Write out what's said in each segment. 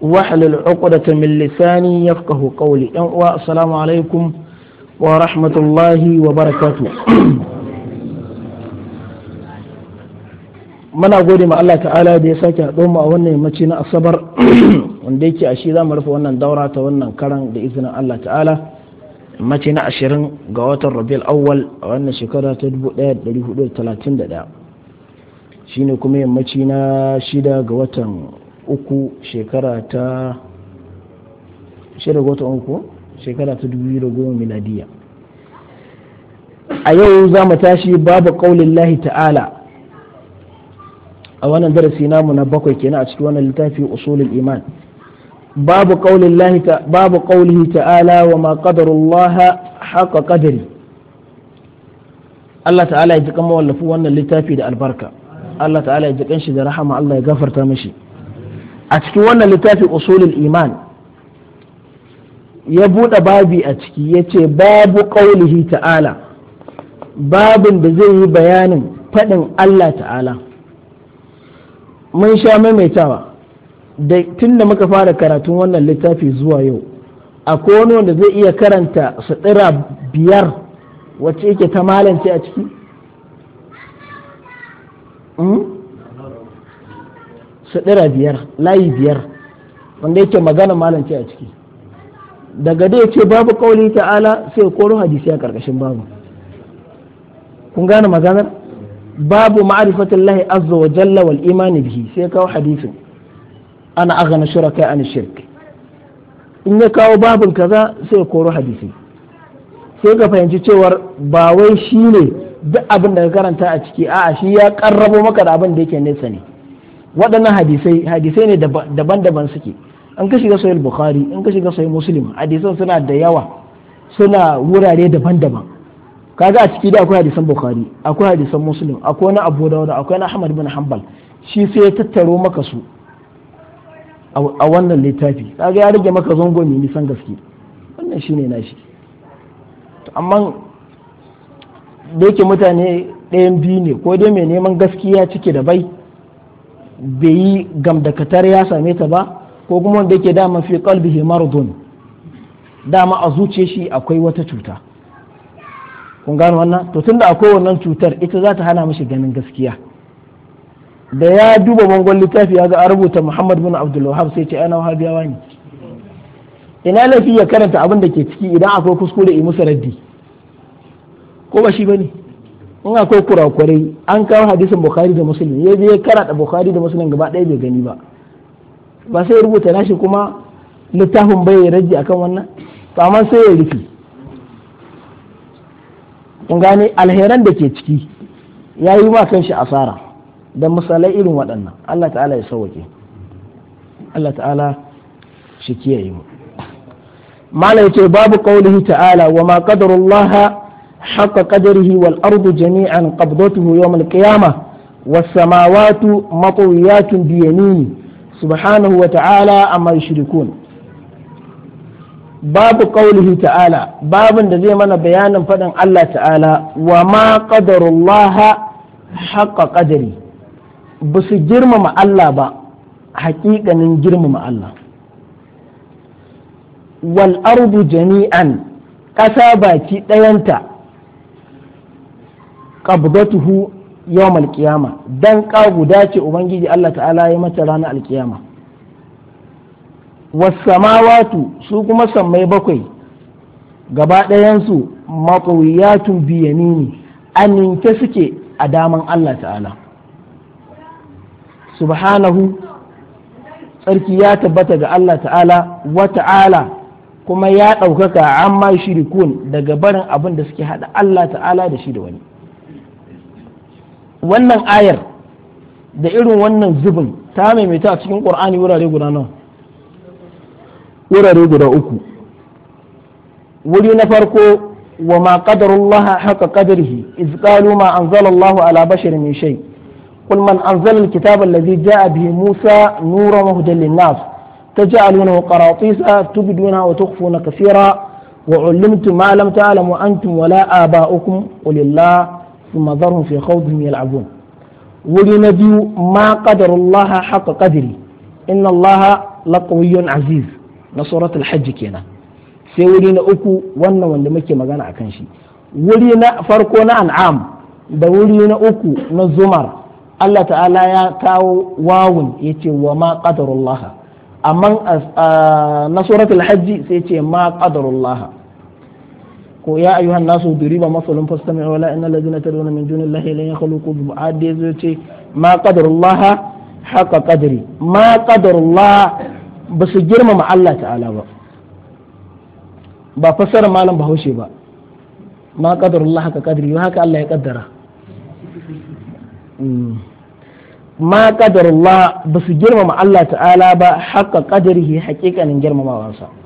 ta واحلل عقدة من لساني يفقه قولي السلام wa ورحمة wa barakatu. muna gode ma Allah ta'ala da ya sake haɗo mu a wannan yammaci na asabar wanda yake a shi za mu rufe wannan daura ta wannan karan da izinin Allah ta'ala yammaci na ashirin ga watan rabiul awwal a wannan shekara ta 1431 shine kuma yammaci na shida ga watan uku shekara ta shida uku shekara ta dubu da goma miladiya a yau za mu tashi babu ƙaunin lahi ta'ala a wannan darasi namu na bakwai kenan a cikin wannan littafi usulul iman babu ƙaunin lahi babu ƙaunin ta'ala wa ma qadarullaha haqa qadari Allah ta'ala ya ji kan mawallafi wannan littafi da albarka Allah ta'ala ya ji kan shi da rahama Allah ya gafarta mishi a cikin wannan littafin usulul iman ya buɗe babi a ciki ya ce babu ƙaulihi ta'ala babin da zai yi bayanin faɗin Allah ta'ala mun sha maimaitawa da tun da muka fara karatun wannan littafi zuwa yau akwai wani wanda zai iya karanta sutura biyar wacce yake ta malance a ciki? Hmm? ɗira biyar layi biyar wanda yake magana malam ce a ciki daga dai ce babu kauli ta'ala sai koro hadisi a karkashin babu kun gane maganar babu ma'rifatin lahi azza wa jalla wal imani bihi sai kawo hadisin ana shura shuraka an shirk in ya kawo babin kaza sai koro hadisi sai ka fahimci cewar ba wai ne duk abin da ka karanta a ciki a'a shi ya karrabo maka da abin da yake nesa ne waɗannan hadisai hadisai ne daban-daban suke an ka shiga sahih bukhari an ka shiga sahih muslim hadisan suna da yawa suna wurare daban-daban kaga a ciki da akwai hadisan bukhari akwai hadisan muslim akwai na abu dawud akwai na ahmad bin hanbal shi sai ya tattaro maka su a wannan littafi kaga ya rage maka zango mai nisan gaske wannan shine nashi amma da yake mutane ɗayan biyu ne ko dai mai neman gaskiya cike da bai bai yi gamdakatar ya same ta ba ko kuma wanda yake dama fi qalbihi maradun dama a zuce shi akwai wata cuta kun gano wannan to tunda akwai wannan cutar ita za ta hana mashi ganin gaskiya da ya duba bangon littafi ya ga a rubuta Muhammad bin Abdul sai ce ana wahabiyawa ne ina laifi ya karanta abin da ke ciki idan akwai kuskure i musu raddi ko ba shi ba ne? in akwai kurakurai an kawo hadisin bukhari da muslim ya je karata bukhari da muslim gaba ɗaya bai gani ba ba sai rubuta nashi kuma littafin bai ya rage akan wannan to amma sai ya rufe kun gane alheran da ke ciki ya yi ma shi asara da misalai irin waɗannan Allah ta'ala ya sauwake Allah ta'ala shi kiyaye mu mala ce babu qaulihi ta'ala wa ma حق قدره والأرض جميعا قبضته يوم القيامة والسماوات مطويات بيمينه سبحانه وتعالى أما يشركون باب قوله تعالى باب الذي من بيانا فدن الله تعالى وما قدر الله حق قدري بس جرم مع الله با حقيقة جرم مع الله والأرض جميعا kasa baki ɗayanta qabdatuhu yawm alqiyama dan ƙagu dace ubangiji Allah ta'ala ya mata ranar alkiyama was samawatu su kuma sammai bakwai gaba ɗayansu maƙawiyatun biyamini amince suke a daman Allah ta'ala subhanahu tsarki ya tabbata ga Allah ta'ala wa ta'ala kuma ya ɗaukaka amma shirikun daga barin abin da suke haɗa Allah ta'ala da shi da wani wannan ayar da irin wannan zubin ta maimaita a cikin ƙur'ani wurare guda uku wuri na farko wa ma qadarullaha haka qadarihi iz qalu ma anzalallahu ala basharin min shay qul man anzala alkitaba alladhi jaa bihi musa nuran wa hudan lin-nas taj'alunahu qaratisa tubduna wa na kaseera wa 'allamtum ma lam ta'lamu antum wala aba'ukum qulillah ثم ذرهم في خوضهم يلعبون ولي نبي ما قدر الله حق قدري إن الله لقوي عزيز نصرة الحج كينا sai wuri na uku wannan wanda muke magana a shi wuri na farko na an'am da wuri na uku na zumar Allah ta'ala ya kawo wawun ya ce wa ma qadarullah amma na suratul hajji sai ce ma ko ya ayyuhan nasu duriba masalun fastami'u wala innal ladina tad'una min dunillahi lan yakhluqu dhib'a da zai ce ma qadarullah haka qadri ma qadarullah basu su girmama Allah ta'ala ba ba fasara malam bahaushe ba ma qadarullah haka qadri haka Allah ya kaddara hmm. ma qadarullah basu su girmama Allah ta'ala ba haka qadrihi haƙiƙanin girmamawansa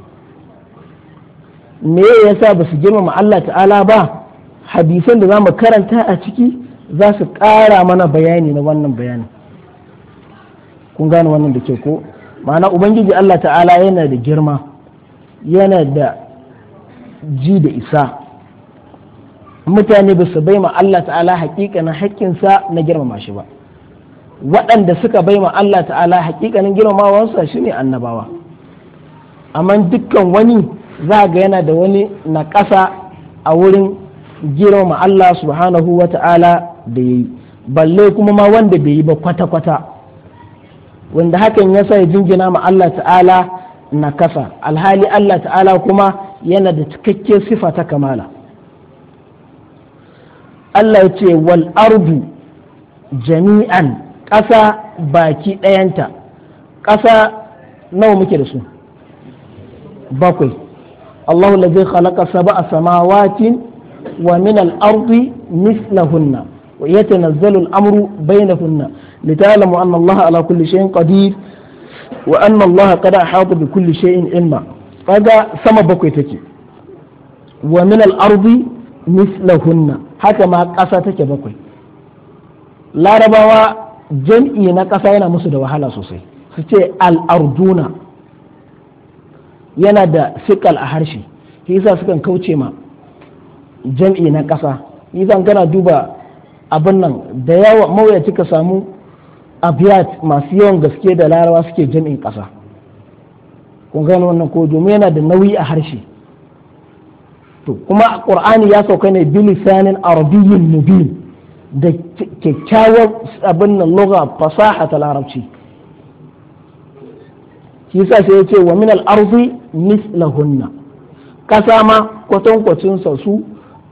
me yasa ba su girmama Allah ta'ala ba hadisan da za mu karanta a ciki za su ƙara mana bayani na wannan bayanin kun gane wannan da ke ko ma'ana ubangiji Allah ta'ala yana da girma yana da ji da isa mutane ba su ma Allah ta'ala hakikanin haƙƙinsa na girmama shi ba waɗanda suka bai ma Allah ta'ala hakikanin girmamawansa ne annabawa amma dukkan wani za ga yana da wani na ƙasa a wurin girma Allah subhanahu wa ta'ala da ya yi balle kuma ma wanda bai yi ba kwata-kwata wanda hakan ya sa ya jingina ma Allah ta'ala na ƙasa. alhali Allah ta'ala kuma yana da cikakke sifa ta kamala Allah ya ce wal ardu jami'an ƙasa baki ɗayanta ƙasa nawa muke da su bakwai Allahu allazi khalaqa sab'a samawatin wa min al-ardi mislahunna wa yatanazzalu al-amru bainahunna lita'lamu anna Allah ala kulli shay'in qadir wa anna Allah qad ahata bi ilma kaga sama bakwai take wa min arzi ardi mislahunna haka ma ƙasa take bakwai larabawa jam'i na ƙasa yana musu da wahala sosai su ce al-arduna yana da sikal a harshe shi yasa sukan kauce ma jam'i na ƙasa zan gana duba abin nan da yawa mawuyaci ka samu abiyat masu yawan gaske da larawa suke jam'in ƙasa kun gano wannan ko domin yana da nauyi a harshe to kuma qur'ani ya sauka ne bilisanin arabiyyin mubin da kyakkyawar abin nan lugha fasaha ta larabci shi yasa sai ya ce wa min al-ardi mislahunna ƙasa ma kwatankwacin sa su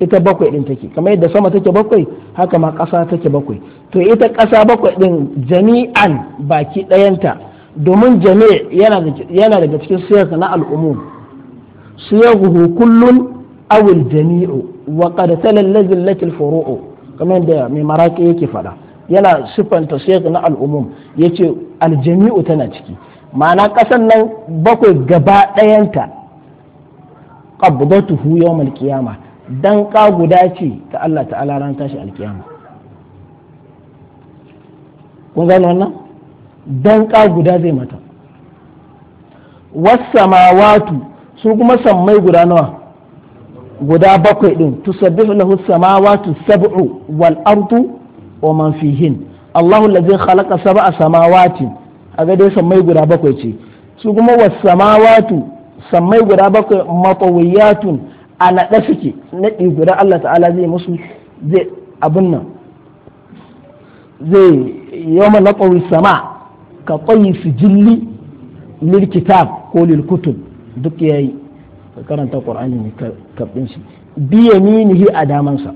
ita bakwai din take kamar yadda sama take bakwai haka ma ƙasa take bakwai to ita ƙasa bakwai ɗin jami'an baki ɗayanta domin jami' yana daga cikin siyarsa na al'umum siyaguhu kullun awil jami'u wa qad talallazil lakil furu'u kamar yadda mai maraƙi yake faɗa yana sifanta siyarsa na al'umum yace aljami'u tana ciki ma'ana ƙasan nan bakwai gaba ɗayanta hu yau qiyama don ka guda ce ta Allah ta'ala ran tashi alkiyama kun gane wannan don ka guda zai mata sama watu su kuma sammai guda nawa guda bakwai din tusabbihu lahu sama sab'u wal ardu wa man fihin Allahu allazi khalaqa sab'a watu. a ga dai sammai guda bakwai ce su kuma samawatu sammai guda bakwai matsawiyatun a naɗa suke naɗi guda Allah ta'ala zai musu zai abin nan zai yawma naɗawi sama ka tsayi su jilli lil kitab ko lil kutub duk yayi karanta ƙwar'ani ne karɓin shi biya minihi a damansa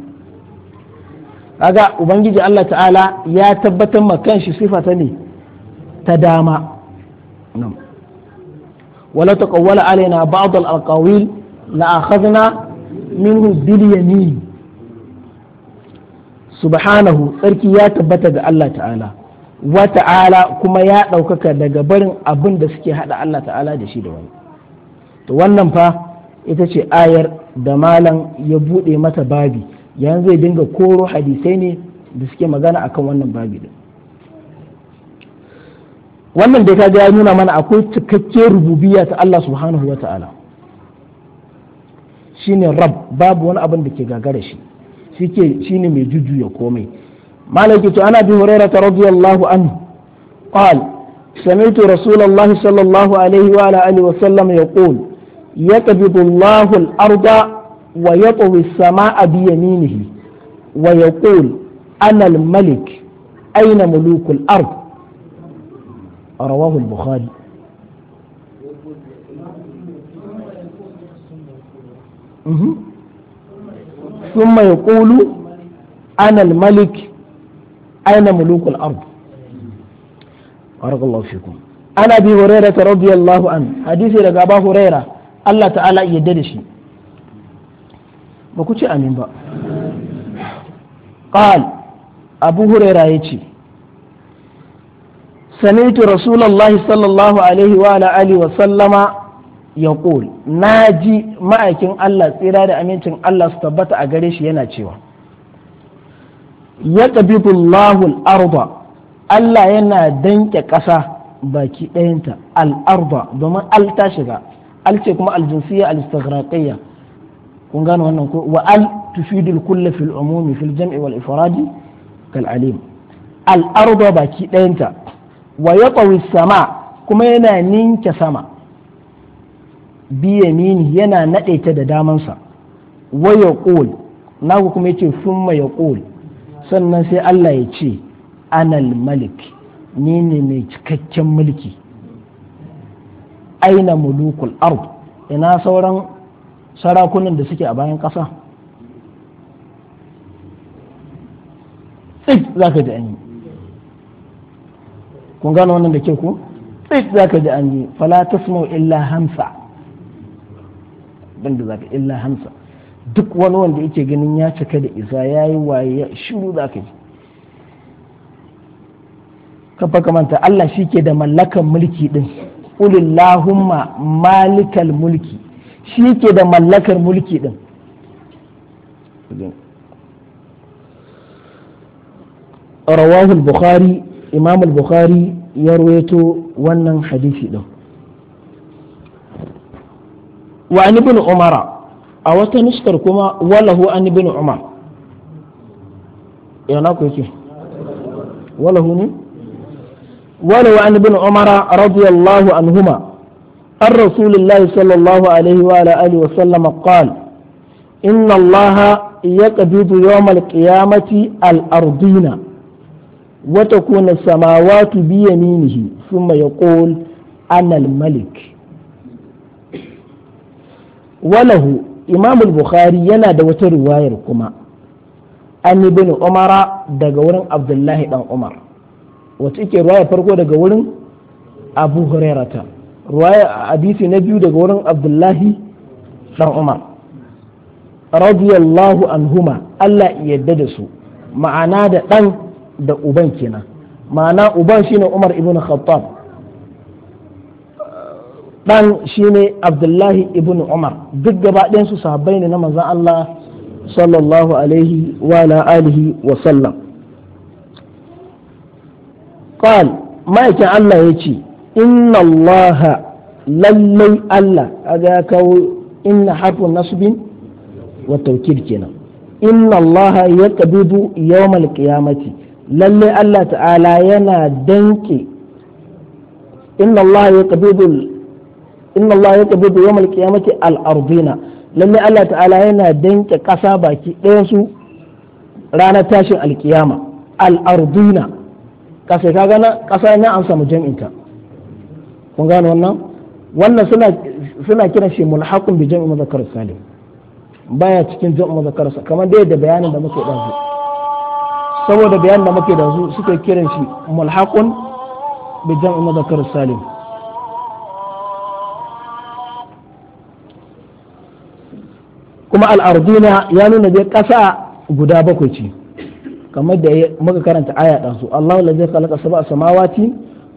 kaga ubangiji Allah ta'ala ya tabbatar ma kanshi sifa ta ne ta dama wala taqawwala alaina ba'd al-aqawil la akhadna minhu bil yamin subhanahu sarki ya tabbata ga Allah ta'ala wa ta'ala kuma ya ɗaukaka daga barin abin da suke haɗa Allah ta'ala da shi da wani to wannan fa ita ce ayar da malam ya buɗe mata babi yanzu zai dinga koro hadisai ne da suke magana akan wannan babi din wannan da kaga ya nuna mana akwai cikakken rububiyya ta Allah subhanahu wa ta'ala shine rab babu wani abin da ke gagara shi shike shine mai jujuya komai malaki to ana bi hurairah radiyallahu anhu qal سمعت رسول الله صلى الله عليه وعلى آله وسلم يقول يقبض الله الأرض ويطوي السماء بيمينه ويقول أنا الملك أين ملوك الأرض rawahu al-bukhari ثم يقول أنا الملك أين ملوك الأرض بارك الله فيكم أنا أبي هريرة رضي الله عنه حديث رقابة هريرة الله تعالى يدرشي ما كنت أمين بقى قال أبو هريرة يتي سمعت رسول الله صلى الله عليه وعلى آله وسلم يقول ناجي ma'aikin Allah tsira da amincin Allah su tabbata a gare yana cewa ya Allahu al-arda Allah yana danke ƙasa baki ɗayanta al-arda domin al ta shiga al ce kuma al-jinsiyya al-istighraqiyya kun gano wannan ko wa al tufidul kull fil umumi fil jam'i wal ifradi kal alim al-arda baki ɗayanta wa yatawi sama kuma yana ninke sama mini yana naɗe ta da damansa wa yaqul naku kuma yace summa ƙul sannan sai Allah ya ce anal malik ni ne mai cikakken mulki aina mulukul ard ina sauran sarakunan da suke a bayan ƙasa tsik za ka ji an kun gano wannan da ke ku tsit za ka ji an yi fala tasma'u illa hamsa banda za ka illa hamsa duk wani wanda yake ganin ya cika da isa ya yi waye ya shiru za ka ji kafa kamanta Allah shi ke da mallakan mulki din ulillahumma malikal mulki shi ke da mallakar mulki din رواه البخاري imam al-bukhari ya ruwaito wannan hadisi ɗin wa ibn umara a wata nuskar kuma walahu an ibn umar yana ku yake walahu ne walahu an ibn umara radiyallahu anhuma عن رسول الله صلى wa sallama وعلى inna وسلم قال إن الله يقبض al-ardina. Wata ko na sama wa tu biya minin su ma ya anal malik walahu imamul bukhari yana da wata riwaya kuma an yi bin umara daga wurin Abdullahi Ɗan Umar. Wasu ke ruwa farko daga wurin Abu hirarra, ruwaya a hadithi na biyu daga wurin Abdullahi Ɗan Umar. Rabi anhuma, Allah ya yadda da su. Ma'ana da ɗan. da uban kenan ma'ana uban shine umar ibn khattab dan shine abdullahi ibn umar duk gaba ɗayan su sahabbai ne na manzon Allah sallallahu alaihi wa ala alihi wa sallam qal ma'aikin Allah yace inna Allah lallai Allah aga kawo inna harfu nasbin wa tawkid kenan inna ya yaqbidu yawmal qiyamati lalle Allah ta'ala yana danke inna Allah ya qabidu inna Allah ya qabidu yawm al-qiyamati al-ardina lalle Allah ta'ala yana danke kasa baki ɗaya su ranar tashin alkiyama al-ardina kasa ka gana kasa na an samu jam'inta kun gano wannan wannan suna suna kiran shi mulhaqun bi jami'i muzakkar salim baya cikin jami'i muzakkar kamar dai da bayanin da muke dazu saboda bayan da muke da su suke kiran shi mulhaqun bi jam'i mudhakkar salim kuma al'arduna ya nuna dai ƙasa guda bakwai ce kamar da muka karanta aya ɗan su Allah la zai khalaqa sab'a samawati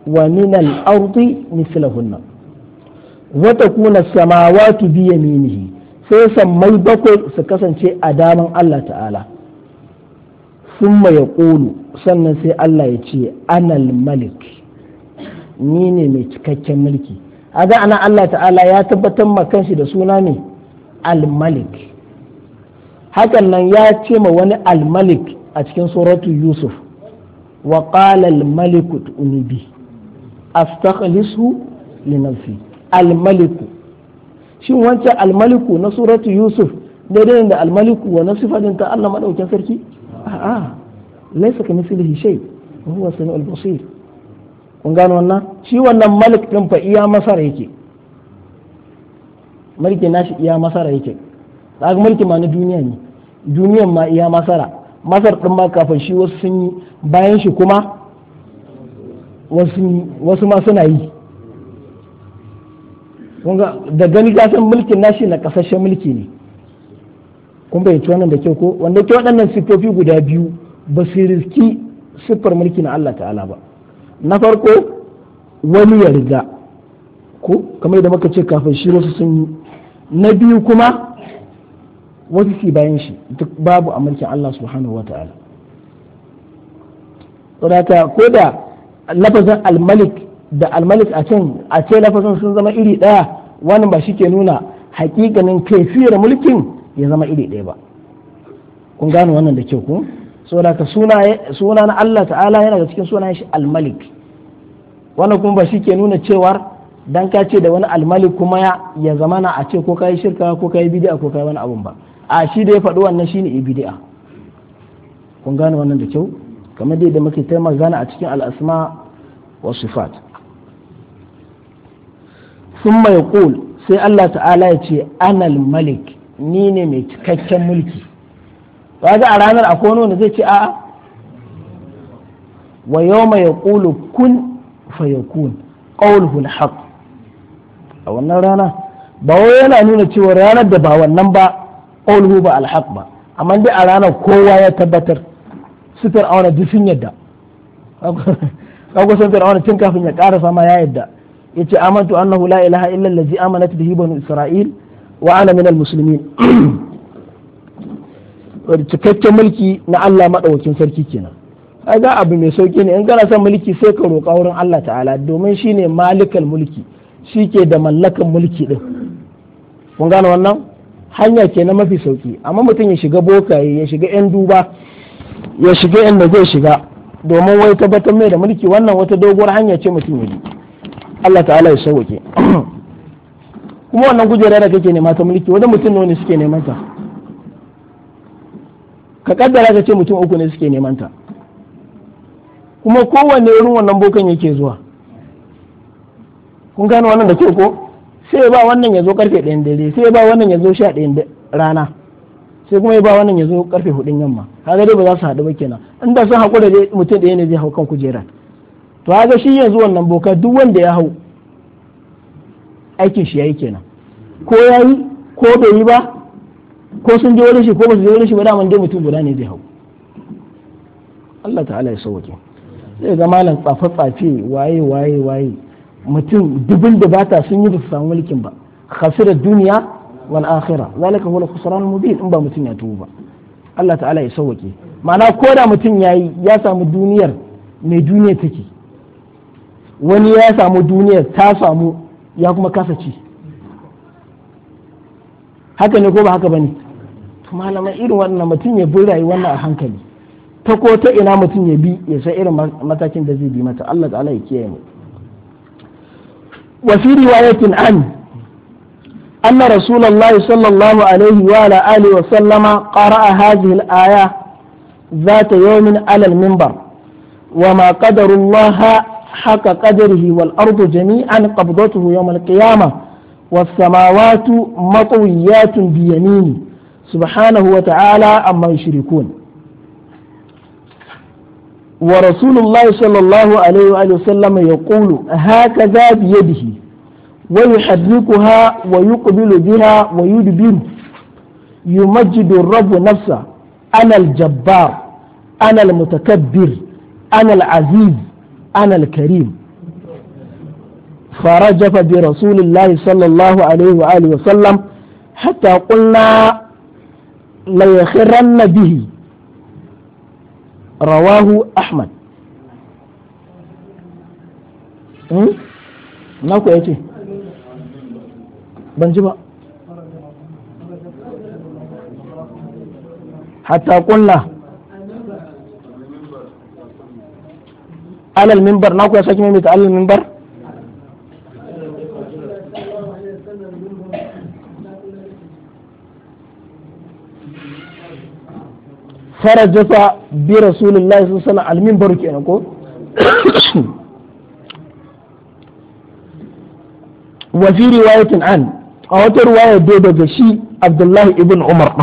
wa min al-ardi mislahunna wa takuna samawati bi yaminihi sai sammai bakwai su kasance a daman Allah ta'ala summa ya ƙulu sannan sai Allah ya ce anal malik ni ne mai cikakken mulki a ga ana Allah ta'ala ya tabbatar ma kanshi da suna ne al-malik hakan nan ya ce ma wani al-malik a cikin suratu yusuf wa qala al-malik unibi astakhlisu li nafsi al-malik shin wancan al maliku na suratu yusuf daidai da al maliku wa na ta Allah madaukakin sarki a'a ah, ah. laisa ka mislihi shay wa huwa samiul basir kun gano wannan shi wannan malik din fa iya masara yake mulkin nashi iya masara yake kaga mulkin ma na duniya ne duniyan ma iya masara masar din ma kafin shi wasu sun yi bayan shi kuma wasu ma suna yi da gani gasar mulkin nashi na kasashen mulki ne kun bayyanci wannan da kyau ko wanda ke waɗannan siffofi guda biyu ba su riski siffar mulki na Allah ta'ala ba na farko wani ya riga ko kamar da muka ce kafin shi wasu sun yi na biyu kuma wasu su bayan shi duk babu a mulkin Allah subhanahu wa ta'ala saboda ko da lafazin almalik da almalik a can a ce lafazin sun zama iri ɗaya wannan ba shi ke nuna hakikanin kaifiyar mulkin ya zama iri ɗaya ba kun gano wannan da kyau ku saboda ka suna na Allah ta'ala yana da cikin sunayen shi al-malik wannan kuma ba shi ke nuna cewar dan ka ce da wani al-malik kuma ya zama na a ce ko kai shirka ko kai bid'a ko kai wani abun ba a shi da ya faɗi wannan shine bid'a kun gano wannan da kyau kamar dai da muke ta magana a cikin al-asma wa sifat thumma yaqul sai Allah ta'ala ya ce anal malik ni ne mai cikakken mulki za a ranar akwai wani wanda zai ce a'a wa ya ƙulu kun fayakun qawluhu alhaq a wannan rana ba wai yana nuna cewa ranar da ba wannan ba qawluhu ba alhaq ba amma dai a ranar kowa ya tabbatar su auna duk sun yadda kaga sun auna tun kafin ya ƙara ma ya yadda Ya ce amantu annahu la ilaha illa zai amanat bihi banu isra'il wa ana min cikakken mulki na Allah maɗaukin sarki kenan kaga abu mai sauki ne in kana son mulki sai ka roƙa wurin Allah ta'ala domin shine malikal mulki shi ke da mallakan mulki din kun gane wannan hanya ke na mafi sauki amma mutum ya shiga bokaye ya shiga yan duba ya shiga da zai shiga domin wai tabbatar mai da mulki wannan wata doguwar hanya ce mutum ya bi Allah ta'ala ya sauke kuma wannan kujera da kake nema ta mulki wani mutum nawa ne suke neman ta ka kaddara ka ce mutum uku ne suke neman ta kuma kowanne irin wannan bokan yake zuwa kun gano wannan da ke ko sai ba wannan ya zo karfe ɗayan dare sai ba wannan ya zo sha ɗayan rana sai kuma ya ba wannan ya zo karfe hudun yamma kaga dai ba za su haɗu ba kenan inda sun haƙura dai mutum ɗaya ne zai hau kan kujera to haka shi yanzu wannan boka duk wanda ya hau aikin shi yayi kenan ko yayi ko bai yi ba ko sun je wurin shi ko ba su je wurin shi ba daman dai mutum guda ne zai hau Allah ta'ala ya sauke zai ga malam tsafa tsafe waye waye waye mutum dubin da bata sun yi ba su samu mulkin ba khasirar duniya wal akhirah zalika huwa al-khusran mubin in ba mutum ya ba. Allah ta'ala ya sauke ma'ana ko da mutum yayi ya samu duniyar mai duniya take wani ya samu duniyar ta samu ya kuma kasa ci haka ne ko ba haka ne? to malama irin wannan mutum ya bi rayuwar wannan a hankali ta ko ta ina mutum ya bi ya san irin matakin da zai bi mata Allah ta'ala ya kiyaye mu wa fi riwayatin an anna rasulullahi sallallahu alaihi wa ala alihi wa sallama qara'a hadhihi al-aya ذات يوم على المنبر وما قدر الله haka qadarihi wal ardu jami'an qabdatuhu yawm al qiyamah was samawati matwiyatun bi yamini subhanahu wa ta'ala amma yushrikun wa rasulullahi sallallahu alaihi wa alihi sallam yaqulu hakaza bi yadihi wa yuhaddikuha wa yuqbilu biha wa yudbiru yumajjidu ar-rabb nafsa ana al-jabbar ana al-mutakabbir ana al-aziz ana al-karim فرجف برسول الله صلى الله عليه وآله وسلم حتى قلنا ليخرن به رواه أحمد ناكو يتي بنجبا حتى قلنا alal mimbar na ku ya saki maimaita alal mimbar farajasa bi rasulullahi sallallahu alaihi wasallam al-mimbar kenan ko wa fi riwayatin an a wata riwaya dai daga shi Abdullahi ibn Umar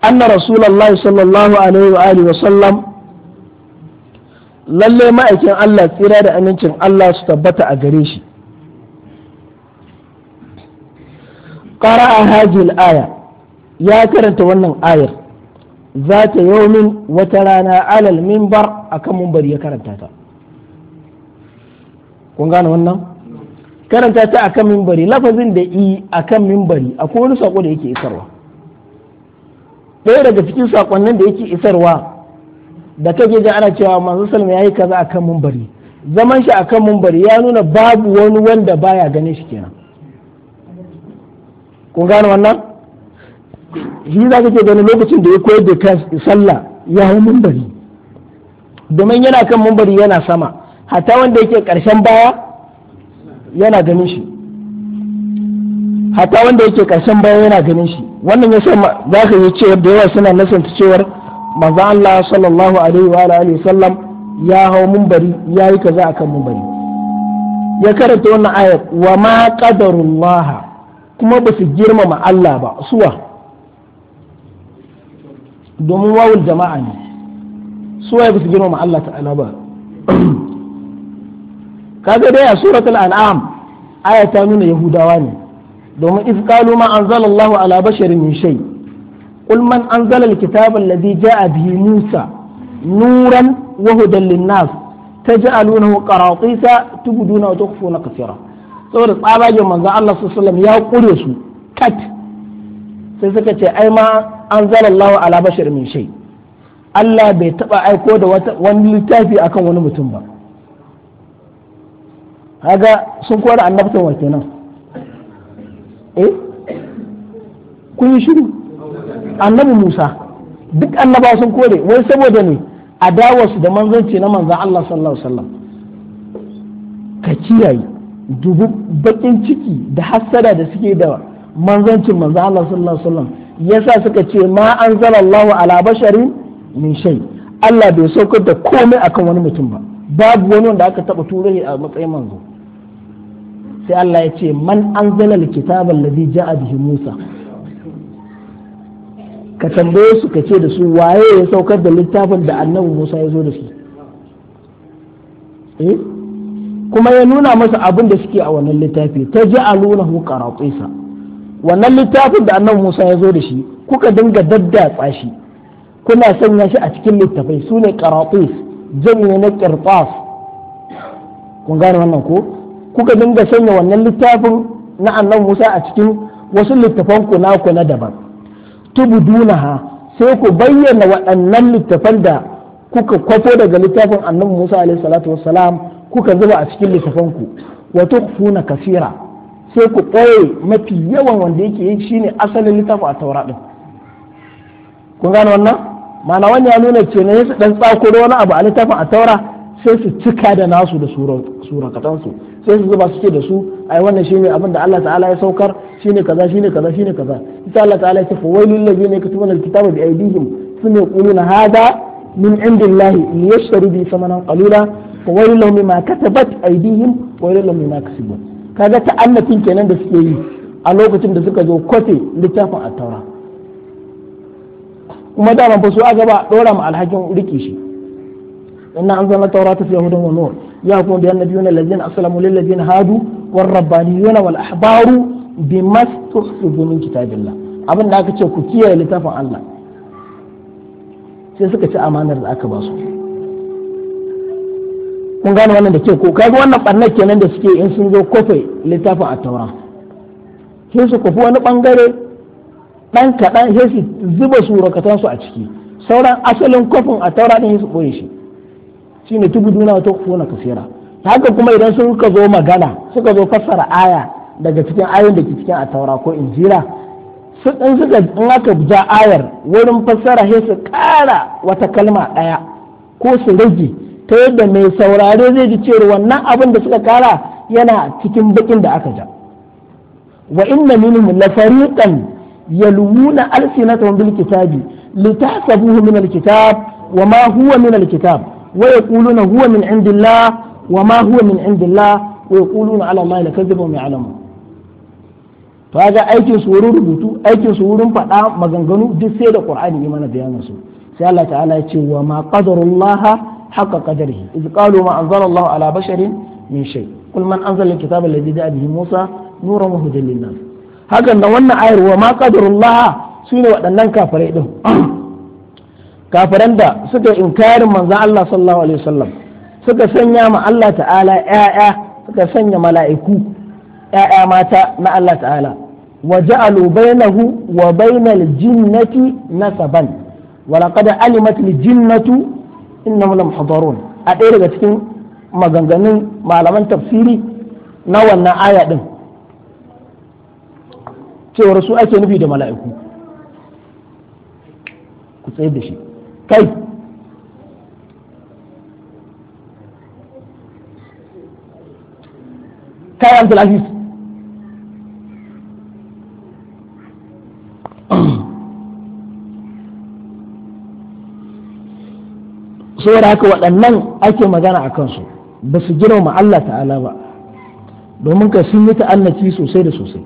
anna rasulullahi sallallahu alaihi wa alihi wa sallam lalle ma'aikin Allah tsira da amincin Allah su tabbata a gare shi a hadhihi aya ya karanta wannan ayar za ta yomin wata rana alal mimbar akan mimbar ya karanta ta kun gane wannan karanta ta akan mimbari lafazin da i akan mimbari akwai wani sako da yake isarwa ɗaya daga cikin sakonnin da yake isarwa da kake ji ana cewa manzo salma yayi kaza akan mumbari zaman shi akan mumbari ya nuna babu wani wanda baya ganin shi kenan kun gane wannan shi za ka ke gani lokacin da ya koyar da kan sallah ya hau mumbari domin yana kan mumbari yana sama hatta wanda yake karshen baya yana ganin shi hata wanda yake karshen baya yana ganin shi wannan ya sa za ka yi cewa da yawa suna nasanta cewar manzo Allah sallallahu alaihi wa alihi sallam ya hau munbari ya yi kaza akan mun bari ya karanta wannan ayat wa ma qadarullah kuma ba su girmama Allah ba suwa domin wawul jama'a ne suwa ba su girmama Allah ta'ala ba kaga dai a suratul an'am aya ta nuna yahudawa ne domin iz qalu ma anzalallahu ala basharin min shay' قل من أنزل الكتاب الذي جاء به موسى نورا وهدى للناس تجعلونه قراطيسا تبدون وتخفون كثيرا سورة tsabagen manzo Allah الله صلى الله عليه وسلم يا sai كت سيسكت ai ma أنزل الله على بشر من شيء Allah bai taba aiko da wani littafi akan wani mutum ba haga sun kore annabtan wa kenan eh kun yi shiru annabi Musa duk annaba sun kore wai saboda ne a su da manzanci na manzan Allah sallallahu alaihi wasallam ka kiyaye dubu bakin ciki da hassada da suke da manzancin manzan Allah sallallahu alaihi wasallam yasa suka ce ma anzalallahu ala bashari min shay Allah bai saukar da komai akan wani mutum ba babu wani wanda aka taba turai a matsayin manzo sai Allah ya ce man anzala alkitaba alladhi ja'a bihi Musa ka tambaye su ka ce da su waye ya saukar da littafin da annabi Musa ya zo da shi eh kuma ya nuna masa abin da suke a wannan littafi ta ji alunahu karatisa wannan littafin da annabi Musa ya zo da shi kuka dinga daddatsa shi kuna sanya shi a cikin littafai su ne karatis yi na kirtas kun gane wannan ko kuka dinga sanya wannan littafin na annabi Musa a cikin wasu littafan ku na daban tubdunaha sai ku bayyana waɗannan littafan da kuka kwafo daga littafin annabi Musa alaihi salatu wassalam kuka zuba a cikin littafan ku wa tukhfuna kasira sai ku ɓoye mafi yawan wanda yake yi shine asalin littafin a taura din kun gane wannan ma'ana wani ya nuna cewa ne su dan tsakuro wani abu a littafin a taura sai su cika da nasu da surakatansu sai su zuba su ce da su ai wannan shine abin da Allah ta'ala ya saukar shine kaza shine kaza shine kaza ita Allah ta'ala ya tafi wailul ladina yaktubuna alkitaba bi aydihim thumma yaquluna hada min indillahi liyashtaru bi samanan qalila wa wailul lahum mimma katabat aydihim wa wailul lahum mimma kasabu kaga annatin kenan da suke yi a lokacin da suka zo kwate littafin at-taura kuma da ban fa su aka ba dora mu alhakin rike shi إن أنزلنا التوراة فيها هدى ونور يحكم بها النبيون الذين أسلموا للذين هادوا والربانيون والأحبار بما استحفظوا من كتاب الله abin da aka ce ku kiyaye littafin Allah sai suka ci amanar da aka ba su kun gane wannan da ke ko kaga wannan barnar kenan da suke in sun zo kofe littafin a taura sai su kofi wani bangare dan kaɗan sai su zuba surakatansu a ciki sauran asalin kofin a taura din su boye shi shine tubuduna wa tukhfuna kaseera haka kuma idan suka zo magana suka zo fassara aya daga cikin ayoyin da ke cikin ataura ko injira in suka in aka ja ayar wurin fassara sai su ƙara wata kalma ɗaya ko su rage ta yadda mai saurare zai ji cewa wannan abin da suka kara yana cikin bakin da aka ja wa inna minhum la fariqan yalwuna alsinatahum bil kitabi litahsabuhu min al kitab wa ma huwa min al kitab wa yaquluna huwa min indillah wa ma huwa min indillah wa yaquluna ala ma yakzibu wa ya'lamu to ga aikin wurin rubutu aikinsu wurin faɗa maganganu duk sai da qur'ani ne mana bayanin su Allah ta'ala ya ce wa ma qadarullah haqa qadarihi iz qalu ma anzala Allah ala basharin min shay kul man anzala alkitaba alladhi ja'a bihi Musa nura wa hudan lin hakan da wannan ayar wa ma qadarullah sune waɗannan kafirai din kafiran da suka yi inkarin manzan Allah sallallahu alaihi wasallam suka sanya ma Allah ta'ala yaya suka sanya mala'iku yaya mata na Allah ta'ala wa ja'alu bainahu wa bainal jinnati nasaban wa laqad alimat al jinnatu innahum hadarun a ɗaya daga cikin maganganun malaman tafsiri na wannan aya din cewar su ake nufi da mala'iku ku tsaye da shi kai kai abdulaziz saboda haka waɗannan ake magana a kansu ba su wa Allah ta'ala ba domin ka sun yi ta'allaci sosai da sosai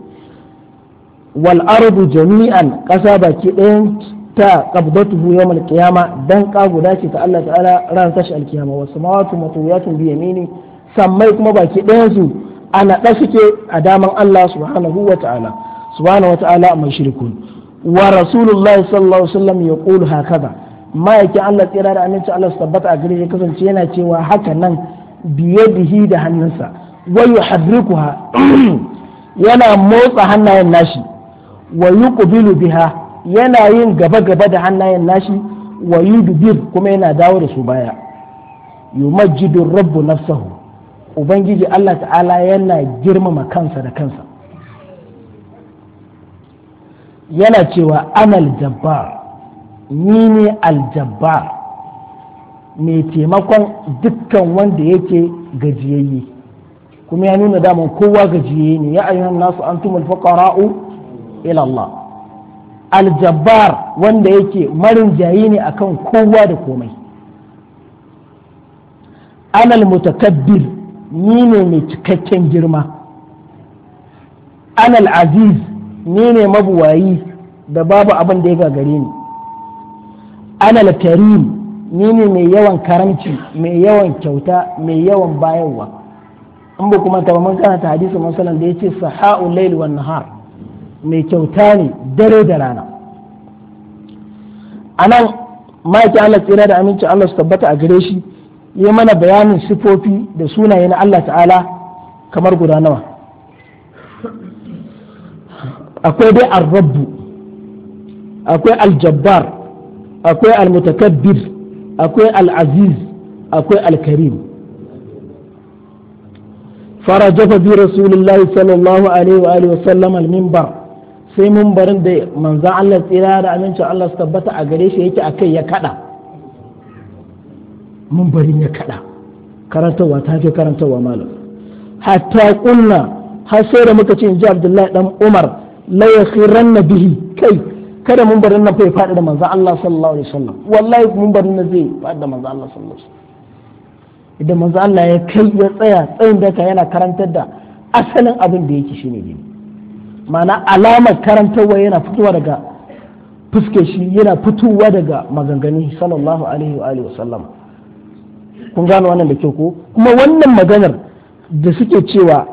wal jami'an ƙasa baki ɗayan ta qabdatuhu yawm al-qiyama dan ka guda ce ta Allah ta'ala ran tashi al-qiyama was samawati matwiyatun bi yamini sammai kuma baki ɗaya su ana naɗa suke a daman Allah subhanahu wa ta'ala subhanahu wa ta'ala amma shirkun wa rasulullahi sallallahu alaihi wasallam hakaza ma'aikin Allah tsira da aminci Allah su tabbata a gare shi kasance yana cewa haka nan biyadihi da hannunsa wa yuharrikuha yana motsa hannayen nashi wa yuqbilu biha yana yin gaba-gaba da hannayen nashi wa yudbir kuma yana dawo da su baya yumajjidu rabbu nafsahu ubangiji Allah ta'ala yana girmama kansa da kansa yana cewa anal jabbar ni ne aljabbar mai taimakon dukkan wanda yake gajiyayye kuma ya nuna daman kowa gajiyayye ne ya ayyuhan nasu antumul fuqara'u ila Allah aljabbar wanda yake marin jayi ne a kan kowa da komai anal mutakabbir ni ne mai cikakken girma anal aziz ni ne mabuwayi da babu abin da ya gagare ni anal karim ni ne mai yawan karamci mai yawan kyauta mai yawan bayarwa in ba kuma taba mun ta hadisin masalan da ya ce sahau lailu wan nahar mai kyauta ne dare da rana a nan maki Allah tsira da aminci Allah su tabbata a gare shi yi mana bayanin sifofi da sunaye na Allah ta'ala kamar guda nawa akwai dai Al-Rabbu, akwai Al-Jabbar, akwai al almutakabbir akwai Al-Aziz, akwai alkarim فرجف رسول الله صلى الله عليه وآله وسلم المنبر sai mun barin da manzan Allah tsira da amincin Allah su tabbata a gare shi yake a kai ya kada mun barin ya kada karantarwa ta fi karantarwa malam hatta kunna har sai da muka ce in ji Abdullahi dan Umar la na bihi kai kada mun barin nan fa faɗi da manzan Allah sallallahu alaihi wasallam wallahi mun barin nan zai faɗi da manzan Allah sallallahu alaihi wasallam idan manzan Allah ya kai ya tsaya tsayin daka yana karantar da asalin abin da yake shine ne mana alamar karantarwa yana fitowa daga fuske shi yana fitowa daga maganganu sallallahu alaihi wa wasallam kun gano wannan da kyau ko kuma wannan maganar da suke cewa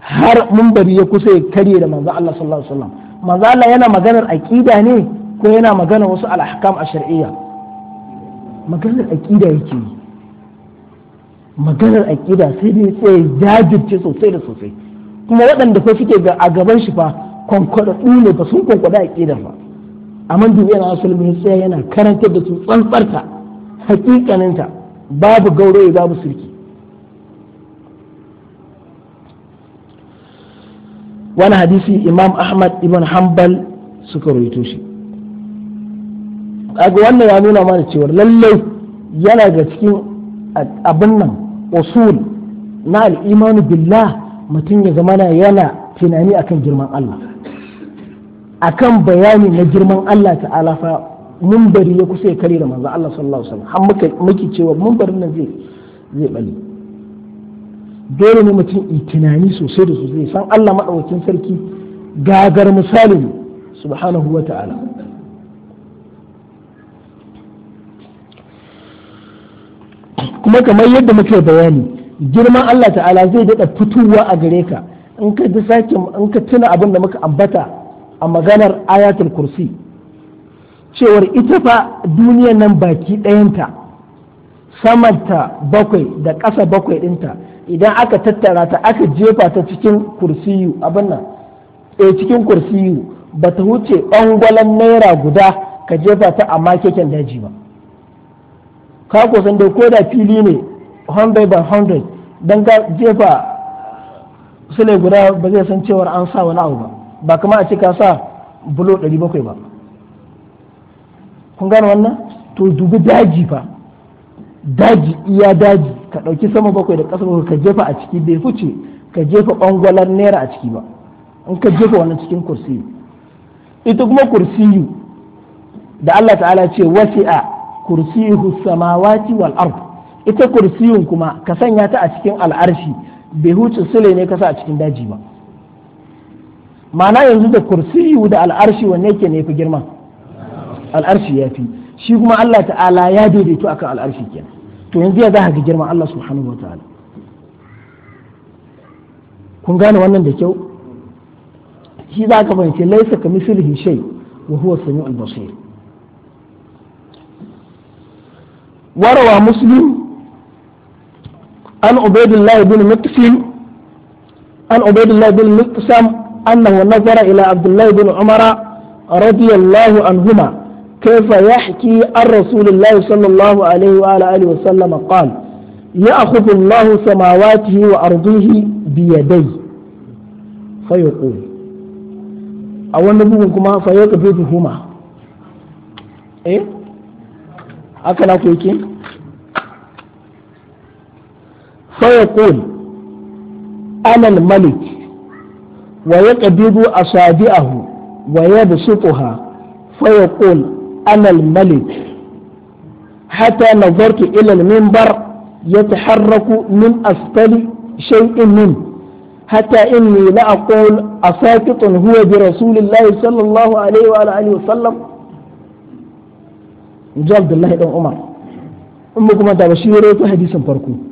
har mumbari ya kusa ya karye da manzo Allah sallallahu alaihi wasallam manzo Allah yana maganar aqida ne ko yana maganar wasu al-ahkam ash-shar'iyya maganar aqida yake maganar aƙida sai dai sai jajirce sosai da sosai kuma waɗanda ko suke a gaban shi fa kwankwaɗaɗɗu ne ba sun kwankwada a ƙidar ba amma dubi yana asalin ya tsaya yana karantar da su tsantsarta hakikaninta babu gauraye babu sirki wani hadisi imam ahmad ibn hanbal suka rawaito shi ga wannan ya nuna mana cewa lallai yana ga cikin abin nan usul na al'imanu billah mutum ya zama na yana tunani akan girman Allah akan bayani na girman Allah ta'ala fa mumbari ya kusa ya kare da manzo Allah sallallahu alaihi wasallam har muka muke cewa mumbarin nan zai zai bale dole ne mutum yi tunani sosai da sosai san Allah madaukakin sarki gagar misali subhanahu wa ta'ala kuma kamar yadda muke bayani girman Allah ta'ala zai daɗa fitowa a gare ka in ka ji sake in ka tuna abin da muka ambata a maganar ayatul kursi cewar ita fa duniyar nan baki ɗayanta samanta bakwai da ƙasa bakwai ɗinta idan aka tattara ta aka jefa ta cikin kursiyu abin nan e cikin kursiyu ba ta wuce ɓangwalen naira guda ka jefa ta a makeken daji ba ka kusan da ko da fili ne hundred by hundred don ga jefa sule guda ba zai san cewar an sa wani abu ba ba kama a ce sa bulo 700 ba kun gane wannan to dubi daji fa daji iya daji ka ɗauki sama bakwai da ƙasa bakwai ka jefa a ciki bai fice ka jefa ɓangwalar naira a ciki ba in ka jefa wani cikin kursi ita kuma kursiyu da Allah ta'ala ce wasi'a kursiyuhu samawati wal ard ita kursiyun kuma ka sanya ta a cikin al'arshi bai huce sule ne kasa a cikin daji ba ma'ana yanzu da kursiyu da al'arshi wanne ke ne fi girma al'arshi ya fi shi kuma Allah ta'ala ya daidaito akan al'arshi kenan to yanzu ya za ka girma Allah subhanahu wa ta'ala kun gane wannan da kyau shi za ka fahimci laisa ka mislihi shay wa huwa samiu al-basir warawa muslim an ubaidullah ibn mutsim an ubaidullah ibn mutsam annahu nazara ila abdullah ibn umara radiyallahu anhuma كيف يحكي عن رسول الله صلى الله عليه وعلى آله وسلم قال يأخذ الله سماواته وأرضه بيدي فيقول أو نبوكما فيقبضهما إيه أكلا كويكين فيقول أنا الملك ويقبض أصابعه ويبسطها فيقول أنا الملك حتى نظرت إلى المنبر يتحرك من أسفل شيء منه حتى إني لأقول أساقط هو برسول الله صلى الله عليه وعلى آله وسلم جاء عبد الله بن عمر أمكم أنت بشير حديث فرقون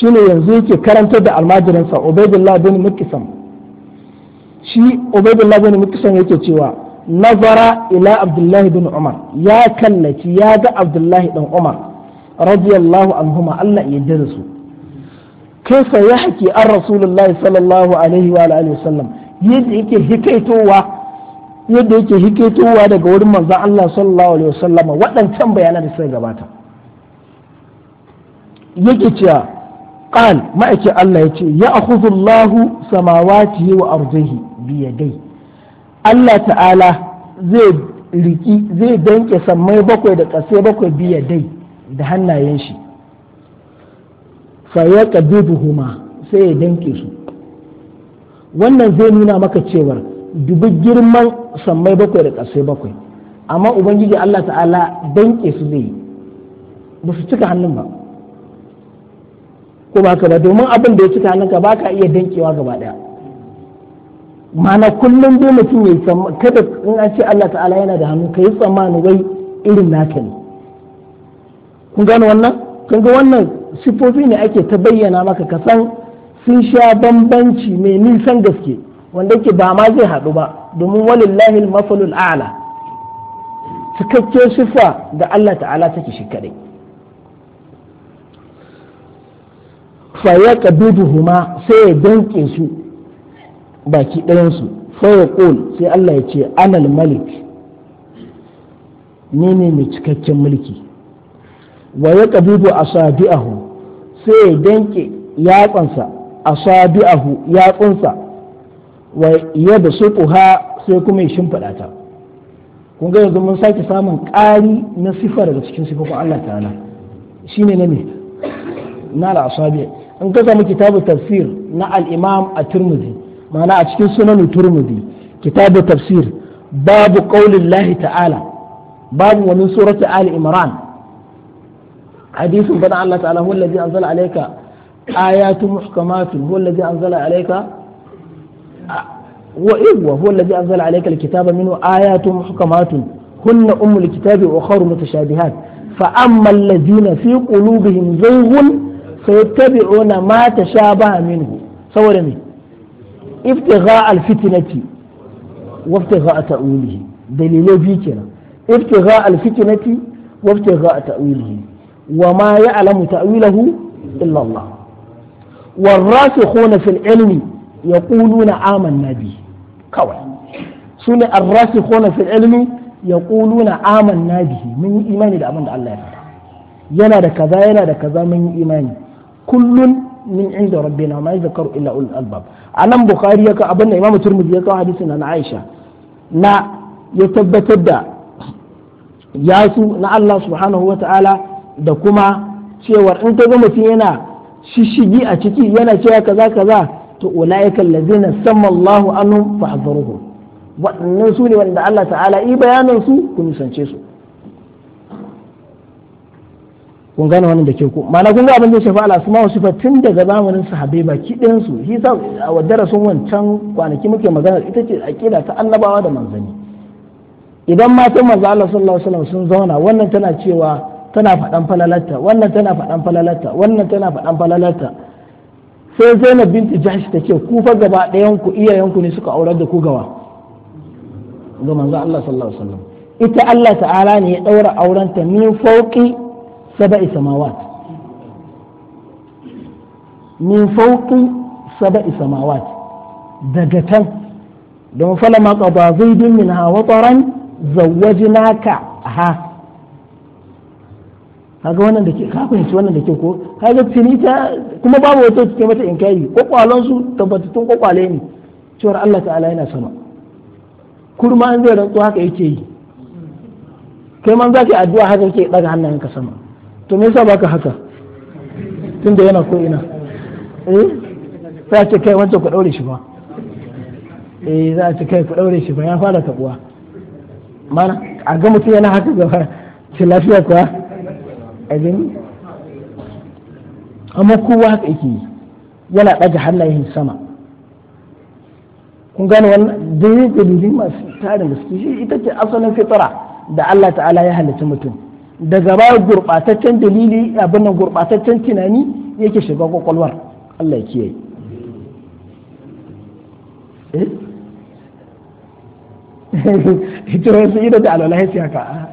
shine yanzu yake karantar da almajiransa ubaidullah bin mukisam shi ubaidullah bin mukisam yake cewa nazara ila abdullahi bin umar ya kallaci ya ga abdullahi dan umar radiyallahu anhuma Allah ya jira su kaifa ya haki an rasulullahi sallallahu alaihi wa alihi wasallam yadda yake hikaitowa yadda yake hikaitowa daga wurin manzon Allah sallallahu alaihi wasallam waɗancan bayanan da suka gabata yake cewa qal ma'aikin Allah yace ya akhudhu Allahu samawati wa ardihi bi yadai Allah ta'ala zai riki zai danke samai bakwai da ƙasai bakwai bi yadai da hannayen shi fa yaqbiduhuma sai ya danke su wannan zai nuna maka cewar dubi girman samai bakwai da ƙasai bakwai amma ubangiji Allah ta'ala danke su zai ba su cika hannun ba ko ba ka ba domin abin da ya cika hannunka ba ka iya dankewa gaba daya mana kullum dai mutum ya tsamma kada in an ce Allah ta'ala yana da hannu ka yi tsammani wai irin naka ne kun gano wannan kun ga wannan sifofi ne ake ta bayyana maka ka san sun sha bambanci mai nisan gaske wanda yake ba ma zai haɗu ba domin walillahi al-mafalul a'la cikakken sifa da Allah ta'ala take shi kadai fa ya huma sai ya danke su baki ɗayansu, faya fa sai Allah ya ce anal malik ni ne mai cikakken mulki wa ya a asabi'ahu sai ya danke yatsansa asabi'ahu yatsunsa wa ya da sai kuma ya shimfiɗa ta kun ga yanzu mun sake samun ƙari na sifa daga cikin sifofin Allah ta'ala shine na ne na al'asabi in ka samu kitabu tafsir na al-imam a turmuzi ma'ana a cikin sunan turmuzi kitabu tafsir babu qaulin lahi ta'ala babu wani surati ali imran hadisin bada Allah ta'ala huwa allazi anzala alayka ayatu muhkamatun huwa allazi anzala alayka وإيه هو الذي kitaba عليك ayatu منه hunna ummul kitabi wa الكتاب mutashabihat fa amma الذين fi qulubihim زيغ sayattabi'una ma tashabaha minhu saboda me ibtigha alfitnati wa ibtigha ta'wilihi dalilai biyu kenan ibtigha alfitnati wa ibtigha ta'wilihi wa ma ya'lamu ta'wilahu illa Allah والراسخون في العلم يقولون آمنا به كوي سنة الراسخون في العلم يقولون آمنا به من إيمان الأمن الله يفعل yana da kaza yana da kaza mun yi imani kullun min inda rabbina ma yadhkaru illa ulul A anan bukhari yaka abin da imamu turmudi ya kawo hadisin na aisha na ya tabbatar da yasu na Allah subhanahu wataala da kuma cewar in ta ga mutum yana shishigi a ciki yana cewa kaza kaza to ulaika allazina samma Allahu anhum fahdharuhum waɗannan su ne wanda Allah ta'ala i bayanan su ku nisance su kun gane wannan da ke ku ma'ana kun ga abin da ya shafi al'asma wasu fa tun daga zamanin sahabbai baki ɗayan su shi sa a wadda sun wancan kwanaki muke magana ita ce aqida ta annabawa da manzanni idan matan manzo Allah sallallahu alaihi wasallam sun zauna wannan tana cewa tana faɗan falalata wannan tana faɗan falalata wannan tana faɗan falalata sai Zainab binti Jahsh take ku fa gaba ɗayan ku iyayen ku ne suka aurar da ku gawa ga manzo Allah sallallahu alaihi wasallam ita Allah ta'ala ne ya daura aurenta min fauki سبع سماوات من فوق سبع سماوات دقة لو فلما قضى زيد منها وطرا ها kaga wannan da ke ka fahimci wannan da ke ko kaga tuni ta kuma babu wata ke mata in kai kokwalon su tabbatattun kwakwale ne cewar Allah ta'ala yana sama kurma an zai rantsu haka yake yi kai man zaki addu'a haka yake daga hannayen ka sama to me yasa baka haka tunda yana ko ina eh za ta kai wancan ku daure shi ba eh za ta kai ku daure shi ba ya fara tabuwa mana a ga mutum yana haka ga ce lafiya kuwa ajin amma kowa haka yake yi yana daga hannayen sama kun gane wannan dai masu tarin gaske shi ita ce asalin fitara da Allah ta'ala ya halitta mutum daga baya gurbataccen dalili abin nan gurbataccen tunani yake shiga kwakwalwar Allah ya kiyaye eh? ita wasu ido da alwala sai haka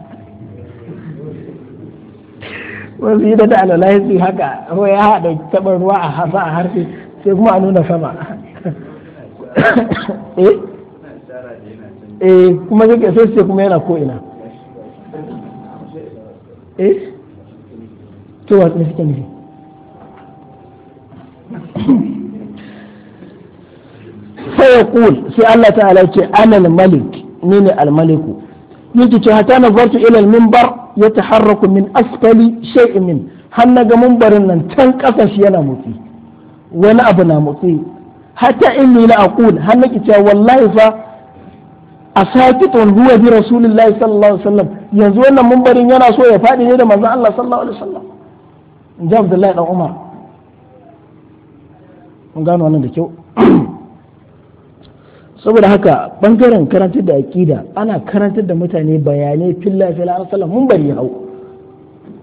wasu ido da alwala sai haka ko ya haɗa taɓa ruwa a hasa a harfe sai kuma a nuna sama eh? eh kuma yake sai kuma yana ko'ina ina Saya eh? wa sai Allah Ta'ala halar ce anan malik ni ne almaliku yake ce hata na zartu ilal mimbar ya ta min asfali shai'in min har na ga mimbarin nan can kasa shi yana motsi wani abu na motsi hata in ni la aqul har na ki cewa wallahi fa a sakitun huwa bi rasulillahi sallallahu alaihi wasallam yanzu wannan mumbarin yana so ya faɗi ne da manzon Allah sallallahu alaihi wasallam in ji Abdullahi dan Umar mun gano wannan da kyau saboda haka bangaren karantar da aƙida ana karantar da mutane bayanai filla filla an sallam mun bari hau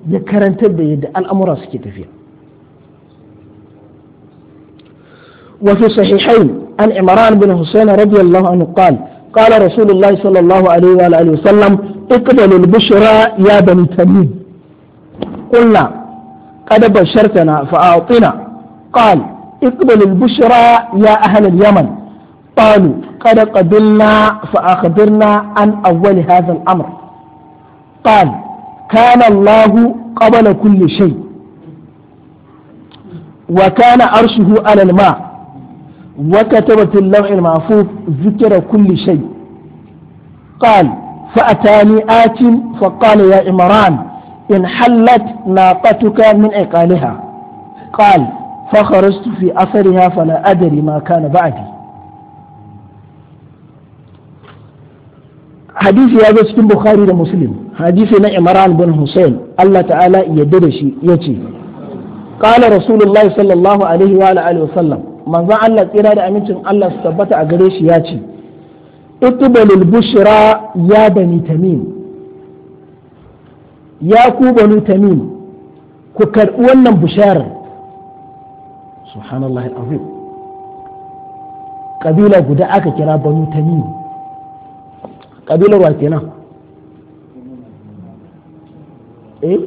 ya karantar da yadda al'amura suke tafiya وفي صحيحين عن عمران بن حسين رضي الله عنه قال قال رسول الله صلى الله عليه وآله وسلم اقبلوا البشرى يا بني تميم قلنا قد بشرتنا فأعطنا قال اقبل البشرى يا أهل اليمن قالوا قد قبلنا فأخبرنا عن أول هذا الأمر قال كان الله قبل كل شيء وكان عرشه على الماء وكتب في اللوح المحفوظ ذكر كل شيء قال فأتاني آت فقال يا إمران إن حلت ناقتك من عقالها قال فخرجت في أثرها فلا أدري ما كان بعدي hadisi ya zo cikin bukhari da muslim hadisi na imran bin hussein allah ta'ala ya da shi ya ce qala sallallahu alaihi wa manzon Allah tsira da amincin Allah su tabbata a gare shi ya ce itubalil bushra ya bani tamim ya ku bani tamim ku karɓi wannan bushara subhanallah azim kabila guda aka kira banu tamim kabilar wa kenan eh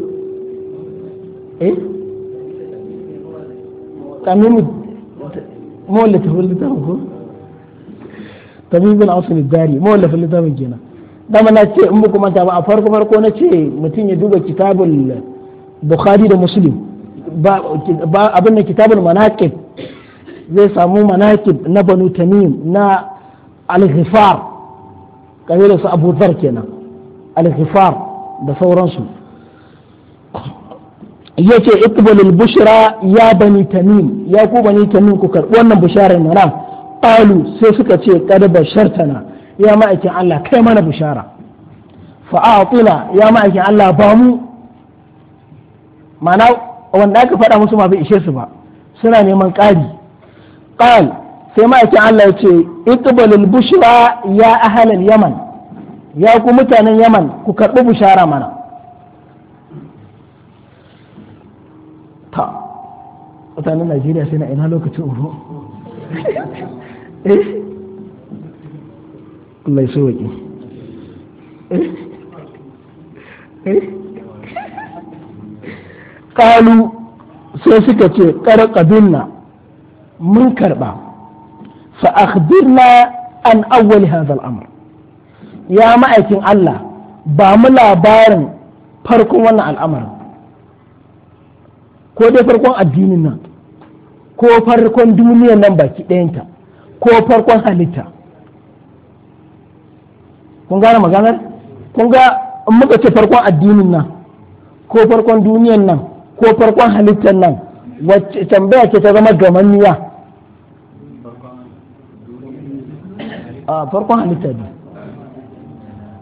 eh mawallafin littafin ko tabibul asli dari mawallafin littafin kenan dama na ce in muku manta ba a farko farko na ce mutum ya duba kitabul bukhari da muslim ba abin da kitabul manaqib zai samu manaqib na banu tamim na al-ghifar kabilar su abu kenan al da sauransu ya ce iqbalul bushra ya bani tamim ya ku bani tamim ku karɓi wannan bisharar mana qalu sai suka ce qad bashartana ya ma'aikin Allah kai mana fa'a fa a'tina ya ma'aikin Allah ba mu mana wanda aka faɗa musu ma bai ishe su ba suna neman ƙari qal sai ma'aikin Allah ya ce iqbalul bushra ya ahlal yaman ya ku mutanen yaman ku karɓi bushara mana mutanen najeriya sai na ina lokacin uru eh Allah ya eh kalu eh? sai suka ce ƙarƙadunna mun karɓa fa akhbirna an awwali hadha amur. ya ma'aikin Allah ba mu labarin farkon wannan al'amarin ko dai farkon addinin nan ko farkon duniyar nan baki ɗayanta ko farkon halitta kun gane maganar kun ga in muka ce farkon addinin nan ko farkon duniyar nan ko farkon halittar nan wacce tambaya ke ta zama gamanniya farkon halitta ne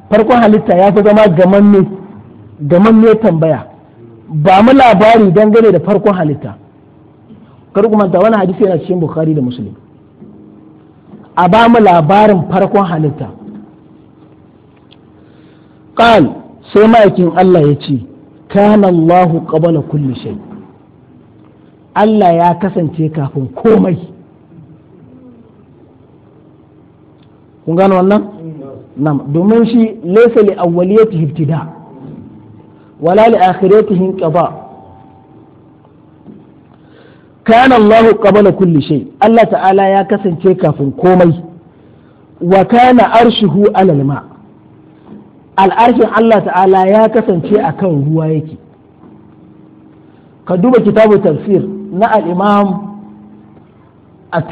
farkon halitta ya fi zama gamanne tambaya ba mu labari dangane da farkon halitta kar ku manta wani hadisi yana cikin bukhari da muslim a ba mu labarin farkon halitta qal sai ma'aikin Allah ya ce kana Allahu qabala kulli shay Allah ya kasance kafin komai kun gano wannan nam domin shi laysa li awwaliyatihi ibtida wala li akhiratihi qada kana Allah qabla kulli shay Allah ta'ala ya kasance kafin komai wa kana arshuhu alal ma al'arshin Allah ta'ala ya kasance akan ruwa yake ka duba kitabu tafsir na al-imam at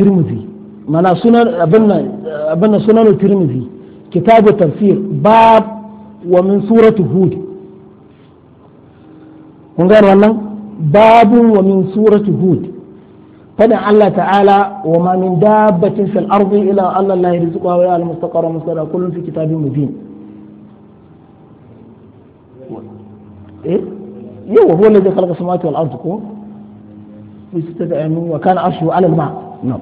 mana sunan abin kitabu tafsir bab wa min suratu hud kun wannan wa hud فدع الله تعالى وما من دابة في الأرض إلا الله لا يرزقها ويعلم مستقر ومستودع كل في كتاب مبين إيه؟ يو هو الذي خلق السماوات والأرض كون وكان عرشه على الماء نعم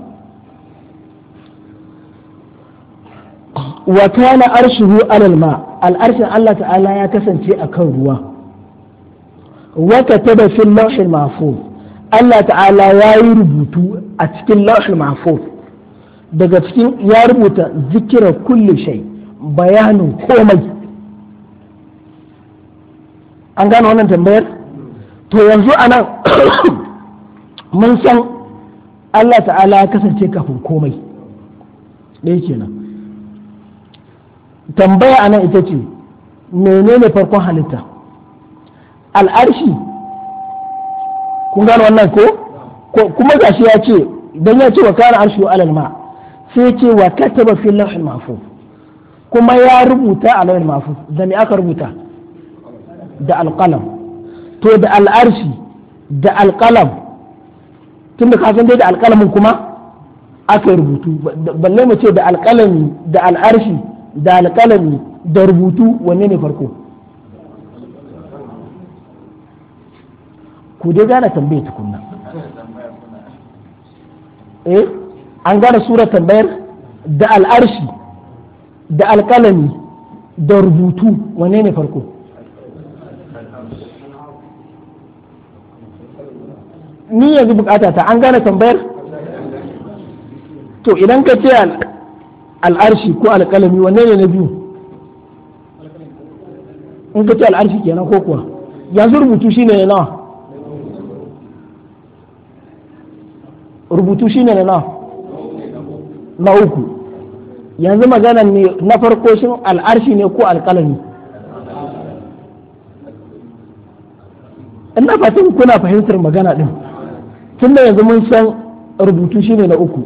وكان عرشه على الماء الأرش الله تعالى يكسن شيء أكون وكتب في اللوح المحفوظ Allah ta'ala ya yi rubutu a cikin lauhul mahfuz daga cikin ya rubuta zikirar kulli shai bayanin komai an gane wannan tambayar to yanzu anan mun san Allah ta'ala ya kasance kafin komai ɗaya kenan tambaya anan ita ce menene farkon halitta al'arshi kun gano wannan ko kuma shi ya ce dan ya ce wa kana arshu alal ma sai ce wa kataba fil lawhil mahfuz kuma ya rubuta a lawhil mahfuz da me aka rubuta da alqalam to da al'arshi da alqalam tunda ka san dai da alqalamin kuma aka rubutu balle mu ce da alqalami da al'arshi da alqalami da rubutu wanne ne farko ku dai gane tambayar tukunna eh an gane sura tambayar da al'arshi da alkalami da rubutu wane ne farko ni yanzu bukata ta an gane tambayar to idan ka ce al'arshi ko alkalami wane ne na biyu in ka ce al'arshi kenan ko kuwa yanzu rubutu shine nawa rubutu ne na na uku yanzu magana ne na farko shin al'arshi ne ko alƙalami ina fatin kuna fahimtar magana din tun da yanzu mun san rubutu shi ne na uku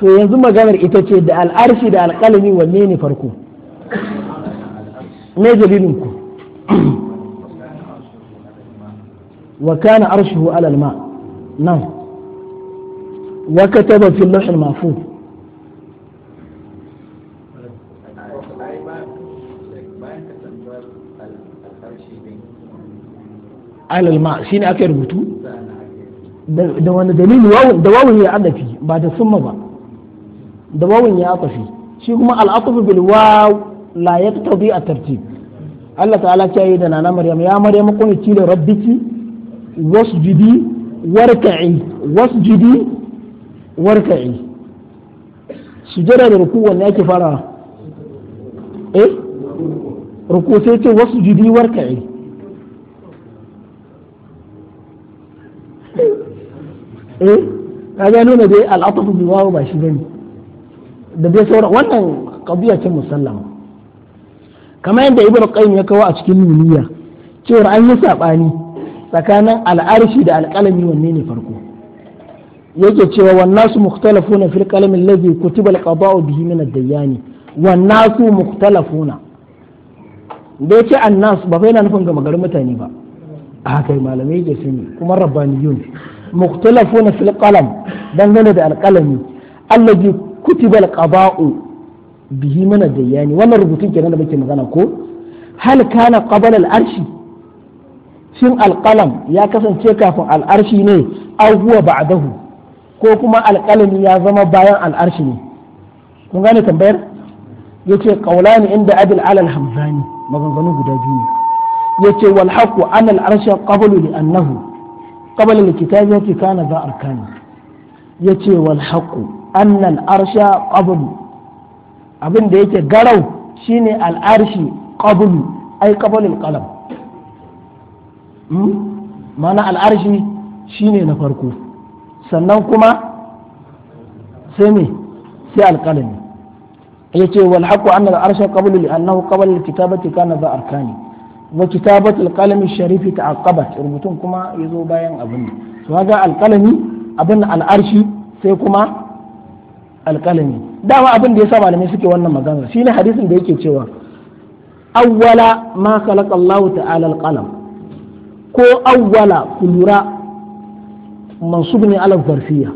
to yanzu maganar ita ce da al'arshi da alƙalami wanne ne farko ne dalilinku, ku wa kana arshuhu alal ma nan وكتب في اللوح المحفوظ على الماء شين أكي ربطو da wani dalili da wawun ya adafi ba da summa ba ya atafi shi kuma al'atufu bil waw la yaqtadi at a Allah ta'ala ta yi da nana Maryam ya Maryam kun ci da rabbiki wasjudi warka'i wasjudi warka'i sujada da ruku wanne ake fara eh ruku sai ce wasu judi warka'i eh gano nuna dai al'atafu bi wawo ba shi gani da dai sauran wannan qadiya ce musallama kamar yadda ibn qayyim ya kawo a cikin nuniya cewa an yi sabani tsakanin al'arshi da alƙalami wanne ne farko yake cewa wannasu nasu mukhtalafuna fil qalam alladhi kutiba al-qada'u bihi min ad-dayani wan nasu mukhtalafuna da yake annas ba fa yana nufin ga magarin mutane ba a kai malamai ke sani kuma rabbaniyun mukhtalafuna fil qalam dangane da alqalami alladhi kutiba al-qada'u bihi min ad-dayani wannan rubutun kenan da muke magana ko hal kana qabla al-arshi shin alqalam ya kasance kafin al'arshi ne aw huwa ba'dahu ko kuma alƙalami ya zama bayan al'arshi ne kun gane tambayar yace ƙaulani inda adil alal hamzani maganganu guda biyu yace wal haqqu an al arshi qablu li annahu qabla al kitabi yake kana za arkani yace wal haqqu an al'arshi arsha qablu abin da yake garau shine al'arshi qablu ai qablu hmm? mana al'arshi shine na farko sannan kuma sai me sai alƙalami ya ce wal haqqu anna al arsha qabla li annahu qabla al kitabati kana za arkani wa kitabatu alƙalami sharifi ta ta'aqqabat rubutun kuma ya zo bayan abin ne to kaga alƙalami abin al'arshi sai kuma alƙalami dama abin da sa malamai suke wannan magana shine hadisin da yake cewa awwala ma khalaqa Allah ta'ala al qalam ko awwala kulura منصوب على الظرفية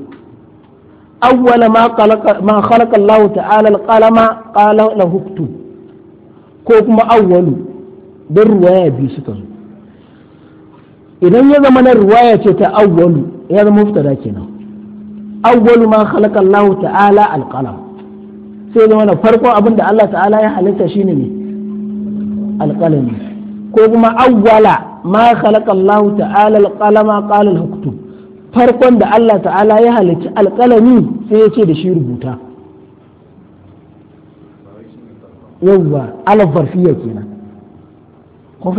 أول ما خلق ما خلق الله تعالى القلم قال له اكتب كوكما أول بالرواية بيستزو idan ya zama na ruwaya ce ta awwalu ya zama muftada kenan awwalu ma khalaqa Allah ta'ala alqalam sai zama na farkon abin da Allah ta'ala ya halitta shine ne alqalami ko kuma awwala ma khalaqa Allah ta'ala alqalama al farkon da Allah ta'ala ya halicci alƙalami sai ya ce da shi rubuta yawwa alfarfiya kenan ko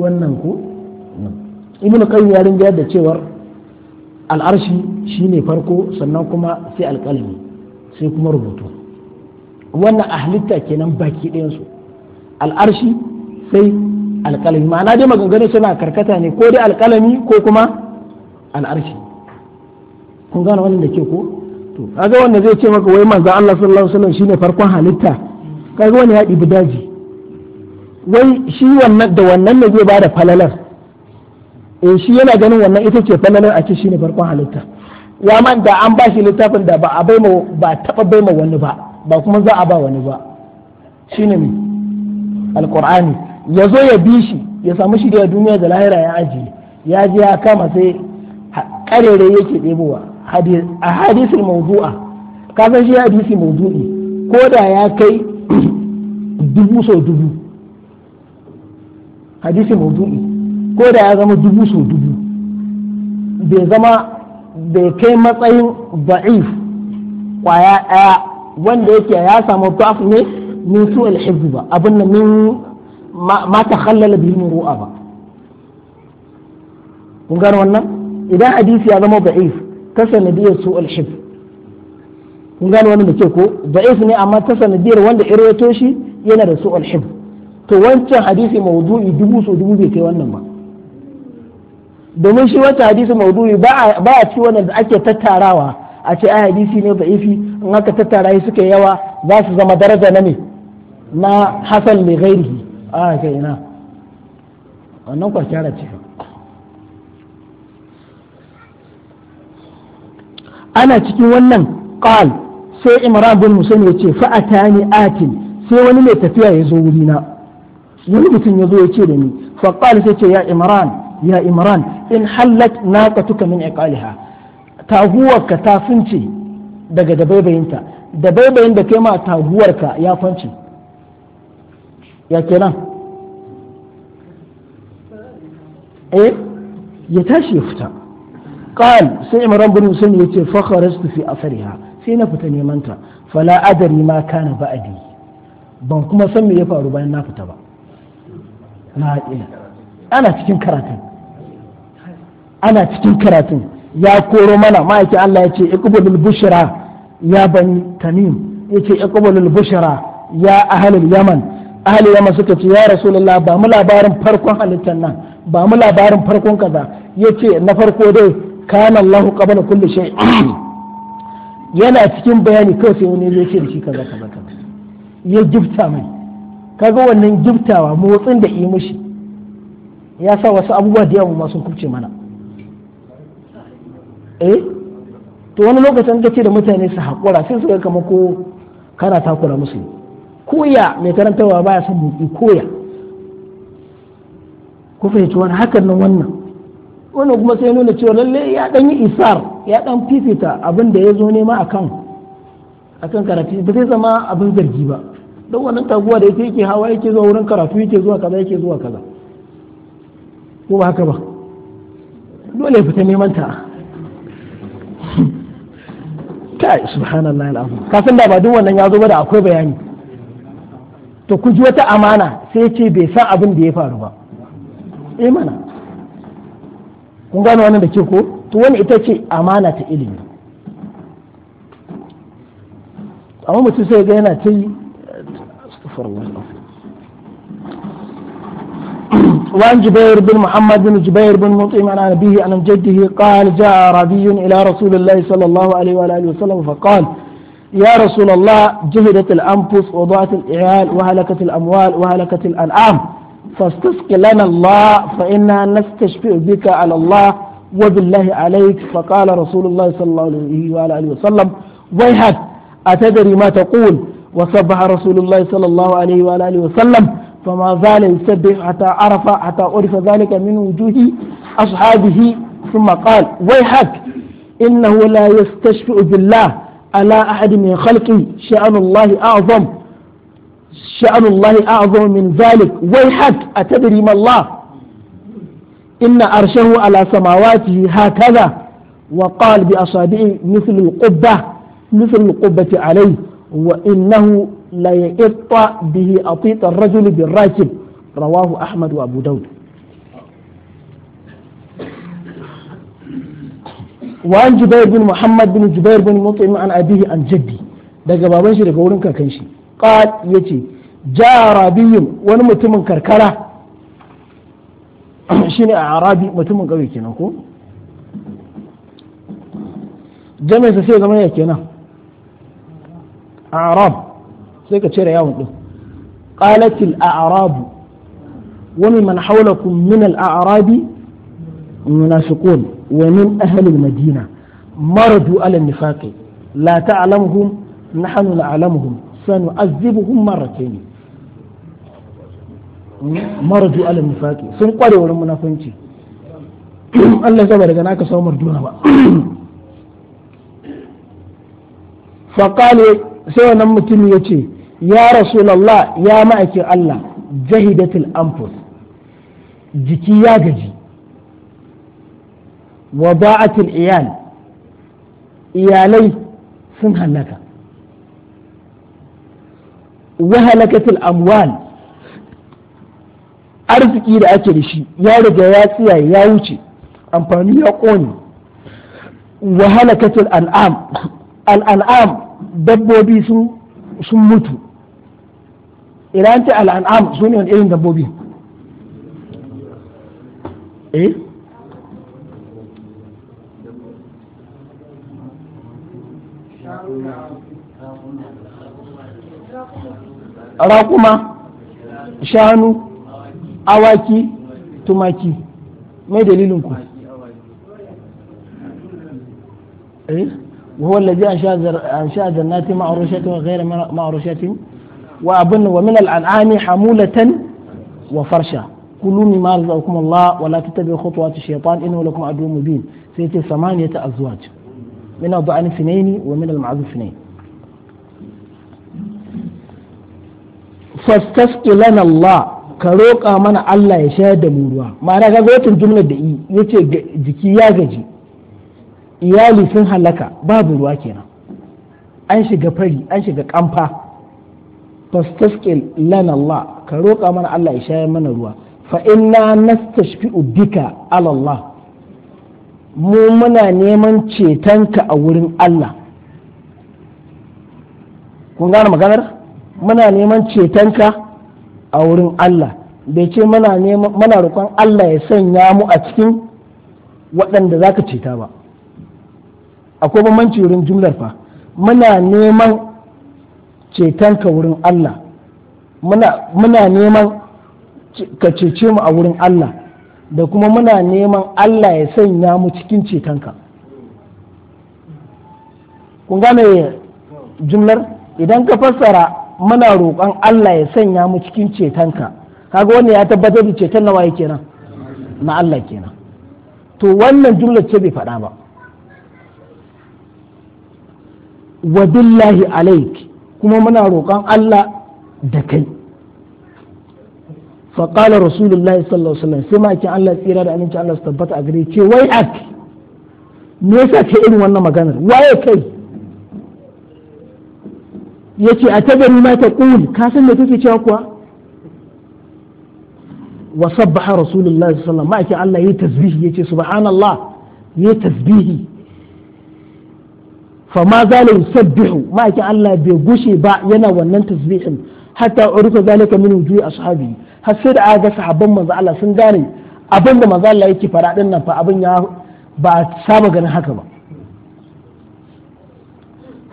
wannan ko ibn qayyim ya rinja da cewar al'arshi shine farko sannan kuma sai alƙalami sai kuma rubutu wannan a halitta kenan baki ɗayansu al'arshi sai alƙalami ma'ana dai maganganu suna karkata ne ko dai alƙalami ko kuma al'arshi kun gane wannan da ke ko to kaga wanda zai ce maka wai manzo Allah sallallahu alaihi wasallam shine farkon halitta kaga wani ya ɗibi daji wai shi wannan da wannan ne zai bada falalar eh shi yana ganin wannan ita ce falalar a ce shine farkon halitta ya man da an bashi littafin da ba a baima ba taba baima wani ba ba kuma za a ba wani ba shine ne alqur'ani ya zo ya bi shi ya samu shi da duniya da lahira ya ajiye ya je ya kama sai karere yake ɗebowa a hadisul mawdu'a ka shi hadisi mawdu'i ko da ya kai dubu sau dubu hadisi mawdu'i ko da ya zama dubu sau dubu bai zama bai kai matsayin ba'if ƙwaya ɗaya wanda yake ya samu ba'af ne min su alhizu ba abin da min ma ta khallala bihin ru'a ba kun gano wannan idan hadisi ya zama da'if ta sanadiyar su alhif kun gane wani da ke ko da'if ne amma ta sanadiyar wanda irwato shi yana da su alhif to wancan hadisi maudui dubu so dubu bai kai wannan ba domin shi wancan hadisi maudui ba a ci wannan da ake tattarawa a ce ai hadisi ne da'ifi in aka tattara shi suka yawa za su zama daraja na ne na hasan mai gairi a ah, kai na wannan kwakyara ce ana cikin wannan qal sai imran bin Musa ya ce fa atani atin sai wani mai tafiya ya zo na wani mutum ya zo ya ce da ni fa qala sai ce ya imran ya imran in hallat naqatuka min iqaliha taguwarka ta fince daga dabaibayinta dabaibayin da kai ma taguwarka ya fince ya kenan eh ya tashi ya fita قال سي بن حسين يتي فخرجت في أثرها sai na fita neman ta fala adari ma kana ba'adi ban kuma san me ya faru bayan na fita ba na ana cikin karatun cikin ya koro mana ma'aikin Allah ya ce iqbalul bushra ya bani tamim yace iqbalul bushra ya ahlul yaman ahlul yaman suka ce ya rasu ba labarin farkon halittar nan ba labarin farkon kaza yace na farko dai kana Allahu qabla kulli shay yana cikin bayani kawai sai wani zai ce da shi kaza kaza kaza ya gifta mai kaga wannan giftawa motsin da yi mishi ya sa wasu abubuwa da yawa masu kubce mana eh to wani lokacin ce da mutane su haƙura sai su ga kamar ko kana takura musu koya mai karantarwa baya son motsi koya ku fahimci wani hakan nan wannan wannan kuma sai nuna cewa lalle ya dan yi isar ya dan fifita abin da ya zo nema akan akan karatu ba zai zama abin zargi ba don wannan taguwa da yake hawa yake zuwa wurin karatu yake zuwa kaza yake zuwa kaza ko ba haka ba dole ya fita neman ta kai subhanallahi alazim ka san da ba duk wannan ya zo ba da akwai bayani to ku ji wata amana sai ce bai san abin da ya faru ba imana eh mana kun gano wannan da ke ko to wani ita ce amana ta ilimi amma mutum sai ga yana ta yi وعن جبير بن محمد بن جبير بن مطعم عن أبيه عن جده قال جاء أعرابي إلى رسول الله صلى الله عليه وآله وسلم فقال يا رسول الله جهدت الأنفس وضاعت الإعيال وهلكت الأموال وهلكت الأنعام فاستسق لنا الله فإنا نستشفئ بك على الله وبالله عليك فقال رسول الله صلى الله عليه وآله وسلم ويحك أتدري ما تقول وسبح رسول الله صلى الله عليه وآله وسلم فما زال يسبح حتى عرف حتى عرف ذلك من وجوه أصحابه ثم قال ويحك إنه لا يستشفئ بالله على أحد من خلقه شأن الله أعظم شأن الله أعظم من ذلك ويحك أتدري ما الله إن أرشه على سماواته هكذا وقال بأصابعه مثل القبة مثل القبة عليه وإنه ليئط به أطيط الرجل بالراكب رواه أحمد وأبو داود وعن جبير بن محمد بن جبير بن مطعم عن أبيه عن جدي ده جبابان شركة ورنكا كنشي قال يجي جاء عربي wani mutumin karkara shine a arabi mutumin ƙauye kenan ko jami'insa a arab sai ka cire yawon ɗin qalatil a'rabu wani man haulakum min al-a'rabi munafiqun wa min ahli al-madina maradu ala an-nifaqi la ta'lamuhum sanu'azzibuhum marratayn maradu ala nifaqi sun kware wurin munafanci Allah ya daga naka samu marduna ba faqale sai wannan mutum ya ce ya rasulullah ya ma'aikin Allah jahidatul anfus jiki ya gaji wa ba'atul iyal iyalai sun halaka wahalakatul amwal arziki da ake da shi ya riga ya tsiya ya wuce amfani ya ƙone wahalakatul al'am al'am dabbobi sun mutu idan ta al'am su ne irin dabbobi eh raƙuma shanu awaki tumaki mai dalilin ku eh, wa wallazi ansha nati ma'rushatin wa ghayra ma'rushatin wa abun wa min al'ani hamulatan wa farsha kulu min ma razaqakum Allah wa la tattabi'u khutuwati shaytan innahu lakum adu mubin sai ce samaniyata azwaj min adu'ani sinaini wa min al ma'zu sinaini fastasqilana Allah ka roƙa mana Allah ya shayar da mu ruwa ma'ana ga watan jumlar da yi yace jiki ya gaji iyali sun halaka babu ruwa kenan an shiga fari an shiga kamfa fastasqil lana Allah ka roƙa mana Allah ya shayar mana ruwa fa inna nastashfi'u bika ala Allah mu muna neman cetonka a wurin Allah kun gane maganar muna neman cetonka a wurin Allah bai ce muna roƙon Allah ya sanya mu a cikin waɗanda za ka ceta ba akwai bambanci wurin jumlar fa muna neman cetonka wurin Allah muna neman ka cece mu a wurin Allah da kuma muna neman Allah ya sanya mu cikin cetonka kun gane jumlar idan ka fassara muna roƙon Allah ya sanya mu cikin cetonka kaga wannan ya tabbatar da ceton nawa yake kenan na Allah kenan to wannan jumla ce bai faɗa ba wa billahi alaik kuma muna roƙon Allah da kai fa qala rasulullahi sallallahu alaihi wasallam sai Allah tsira da aminci Allah su tabbata a gare ce wai ak me yasa ce irin wannan maganar waye kai yace a tabari ma ta qul ka san me kake cewa kuwa wa sabbaha rasulullahi sallallahu alaihi wasallam ma'aikin Allah yayi tasbihi yace subhanallah yayi tasbihi fa ma zala yusabbihu ma'aikin Allah bai gushe ba yana wannan tasbihin hatta urifa zalika min wujuhi ashabi har sai da aka ga sahabban manzo Allah sun gane abin da manzo Allah yake fara din nan fa abin ya ba saba ganin haka ba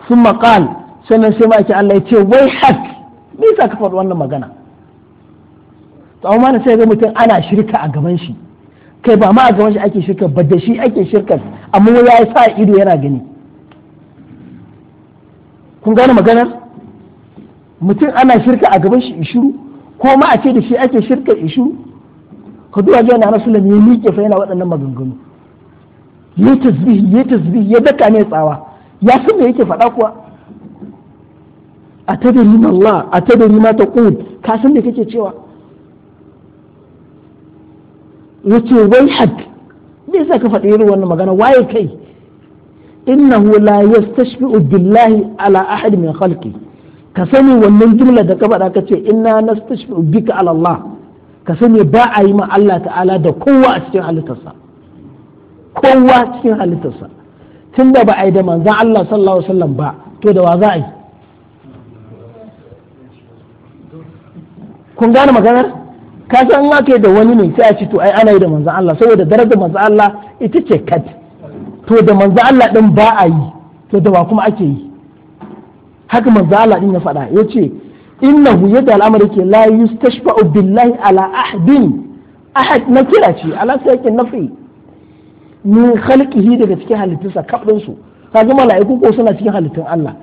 thumma qala sannan sai ake Allah ya ce wai hak me yasa ka faɗi wannan magana to amma da sai ga mutum ana shirka a gaban shi kai ba ma a gaban shi ake shirka ba da shi ake shirka amma ya sa ido yana gani kun gane maganar mutum ana shirka a gaban shi shiru ko ma a ce da shi ake shirka ishiru ka duwa jiya na rasul ya miƙe fa yana waɗannan maganganu ya tasbihi ya tasbih ya daka ne tsawa ya san me yake faɗa kuwa atadri ma Allah atadri ma ta ka san me kake cewa ce wai hak me yasa ka faɗi irin wannan magana waye kai innahu la yastashbi'u billahi ala ahad min khalqi ka sani wannan jumla da ka faɗa ka ce inna nastashbi'u bika ala Allah ka sani ba a yi ma Allah ta'ala da kowa a cikin halittarsa kowa cikin halittarsa tunda ba a yi da manzan Allah sallallahu alaihi wasallam ba to da wa za a yi kun gane maganar ka san in da wani ne sai a ce to ai ana yi da manzon Allah saboda darajar manzon Allah ita ce kad to da manzon Allah din ba a yi to da ba kuma ake yi haka manzon Allah din ya faɗa yace innahu yadda al'amari ke la yustashfa'u billahi ala ahdin ahad na kira ce ala sakin nafi min khalqihi daga cikin halittunsa kabdin su kaga mala'iku ko suna cikin halittun Allah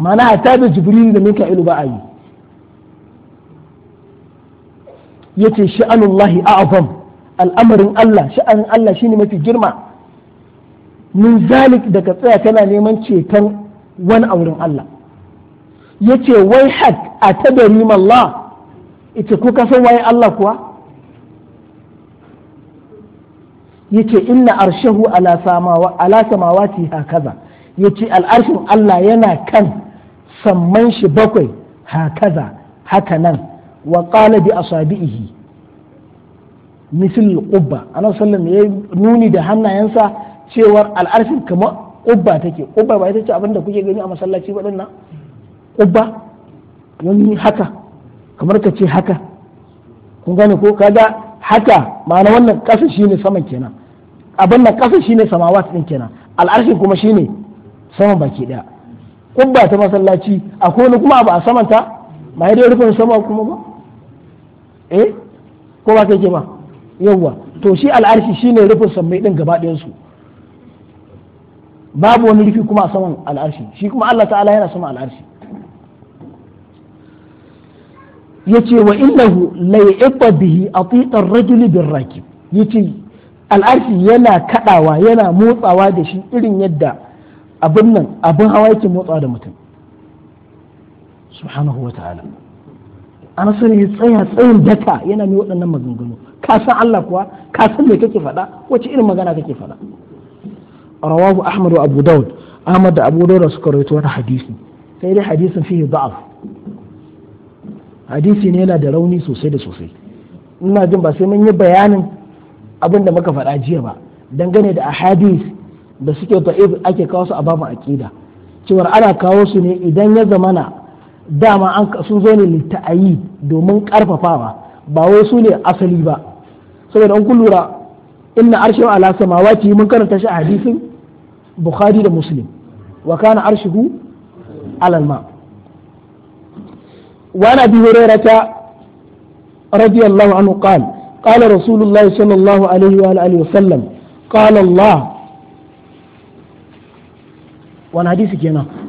ma'ana hatta da jibril da mika'ilu ba a yi yace sha'anullahi a'zam al'amarin Allah sha'anin Allah shine mafi girma min zalik daga tsaya kana neman ceton wani auren Allah yace wai hak a tadari mallah ita ko san waye Allah kuwa yace inna arshahu ala samawa ala samawati hakaza yace al'arshin Allah yana kan samman shi bakwai hakaza haka nan wa a bi asabihi misil qubba annabi sallam ya nuni da hannayensa cewar al'arfin kamar qubba take qubba ba ita ce abin kuke gani a masallaci ba dinnan qubba wani haka kamar ka ce haka kun gane ko kaga haka ma'ana wannan kasa shine saman kenan abin nan kasa shine samawat din kenan al'arshin kuma shine saman baki daya kubba ta masallaci akwai wani kuma ba a samanta ba rufin sama kuma ba eh ko ba sai ke yawwa to shi al'arshi shine rufin sammai din gaba ɗayan su babu wani rufi kuma a saman al'arshi shi kuma Allah ta'ala yana saman al'arshi yace wa innahu la bihi atiqa ar-rajul bir-rakib yace al'arshi yana kadawa yana motsawa da shi irin yadda abin nan abin hawa yake motsawa da mutum subhanahu wa ta'ala an san ya tsaya tsayin daka yana mai waɗannan maganganu ka san Allah kuwa ka san me kake faɗa wace irin magana kake faɗa rawahu ahmad wa abu daud ahmad da abu daud suka rawaito wani hadisi sai dai hadisin fihi da'af hadisi ne yana da rauni sosai da sosai ina jin ba sai mun yi bayanin abin da muka faɗa jiya ba dangane da ahadis da suke ta'if ake kawo su a babu aqida cewar ana kawo su ne idan ya zamana dama an sun zo ne litta'ayi domin karfafawa ba wai su ne asali ba saboda an kun lura inna arshihu ala samawati mun karanta shi a hadisin bukhari da muslim wa kana arshihu ala alma wa ana bi hurairata radiyallahu anhu qal, qala rasulullahi sallallahu alaihi wa alihi wa sallam qala allah wani hadisi kenan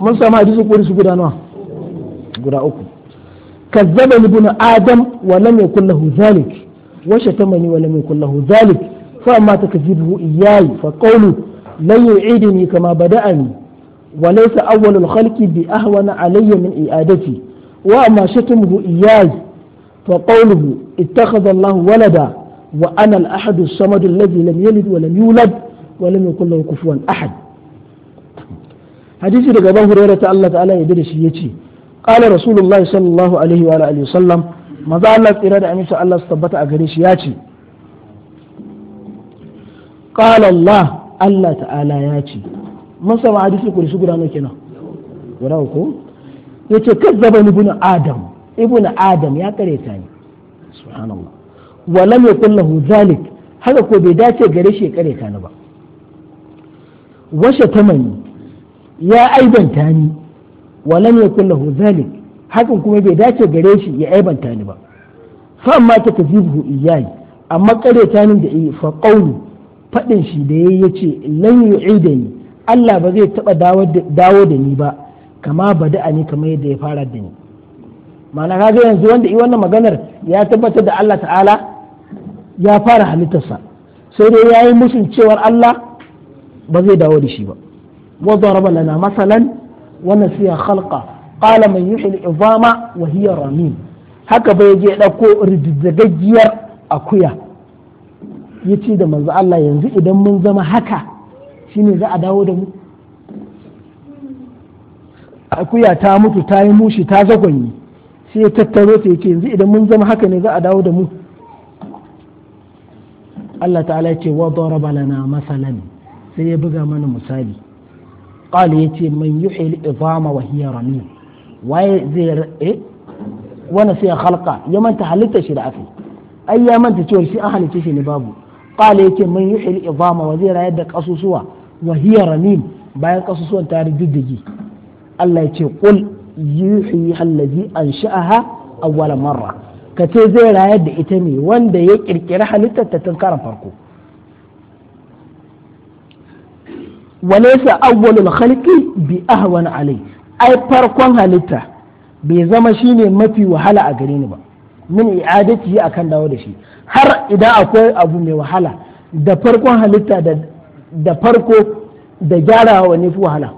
mun samu hadisin qudsi guda nawa guda uku kazzaba ibn adam wa lam yakul lahu zalik wa shatamani wa lam yakul lahu zalik fa amma takzibuhu iyyayi fa qawlu lan yu'idni kama bada'ani wa laysa awwalul khalqi bi ahwana alayya min i'adati wa amma shatamuhu iyyai fa qawluhu ittakhadha Allah walada wa ana al ahadu as-samad alladhi lam yalid wa lam yulad wa lam yakul lahu kufuwan ahad hadisi daga Abu Hurairah ta Allah ya da shi yace qala rasulullahi sallallahu alaihi wa alihi wasallam maza Allah tsira da aminci Allah su tabbata a gare shi yace qala Allah Allah ta'ala yace mun sama hadisi guda nawa kenan guda uku yace kazzaba ibn adam ibn adam ya kareta ni subhanallah wa haka ko bai dace gare shi ya ba washe tamani ya aibanta ni walam ya kulle zalik hakan kuma bai dace gare shi ya aibanta ni ba fa amma takzibuhu iyayi amma ta nin da yi fa qawlu fadin shi da yayi yace lan yu'idani Allah ba zai taba dawo da ni ba kama da'a ni kamar yadda ya fara da ni ma'ana kaga yanzu wanda yi wannan maganar ya tabbatar da Allah ta'ala ya fara halittarsa sai dai ya yi cewar Allah ba zai dawo da shi ba وضرب لنا مثلا ونسي خلقه قال من يحيي العظام وهي رميم haka bai je ɗauko rijijjagaggiyar akuya ya ce da manzo Allah yanzu idan mun zama haka shine za a dawo da mu akuya ta mutu ta yi mushi ta zagonyi sai ya tattaro ta yanzu idan mun zama haka ne za a dawo da mu Allah ta'ala ya ce wa daraba lana masalan sai ya buga mana misali qala yace man yuhil idama wa hiya ramim waye zai eh wani sai halka ya manta halitta shi da afi ai ya manta cewa shi an halicce shi ne babu qala yace man yuhil idama wa zai rayar da kasusuwa wa hiya ramim bayan kasusuwan tari riddige Allah yace qul yuhi allazi ansha'aha awwala marra kace zai rayar da ita wanda ya kirkiri halittar ta tun karan farko walaisa awwalul khalqi bi ahwan alai ai farkon halitta bai zama shine mafi wahala a gare ni ba min i'adati akan dawo da shi har idan akwai abu mai wahala da farkon halitta da farko da gyarawa wani fi wahala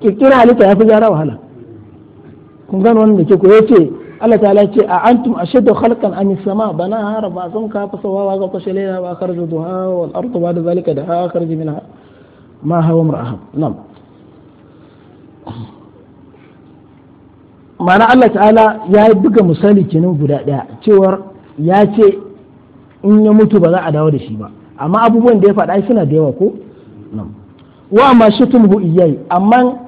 kirkira halitta ya fi gyara wahala kun gano wannan da ke ko yace Allah ta'ala ce a antum ashaddu khalqan am as-sama banaha rabba'akum fa sawaha wa ga layla wa kharaju duha wal ardu da zalika daha kharaju minha ma hawa mar'aha nam mana Allah ta'ala ya buga misali kinin guda daya cewar ya ce in ya mutu ba za a dawo da shi ba amma abubuwan da ya faɗa suna da yawa ko wa amma shatumuhu iyai amma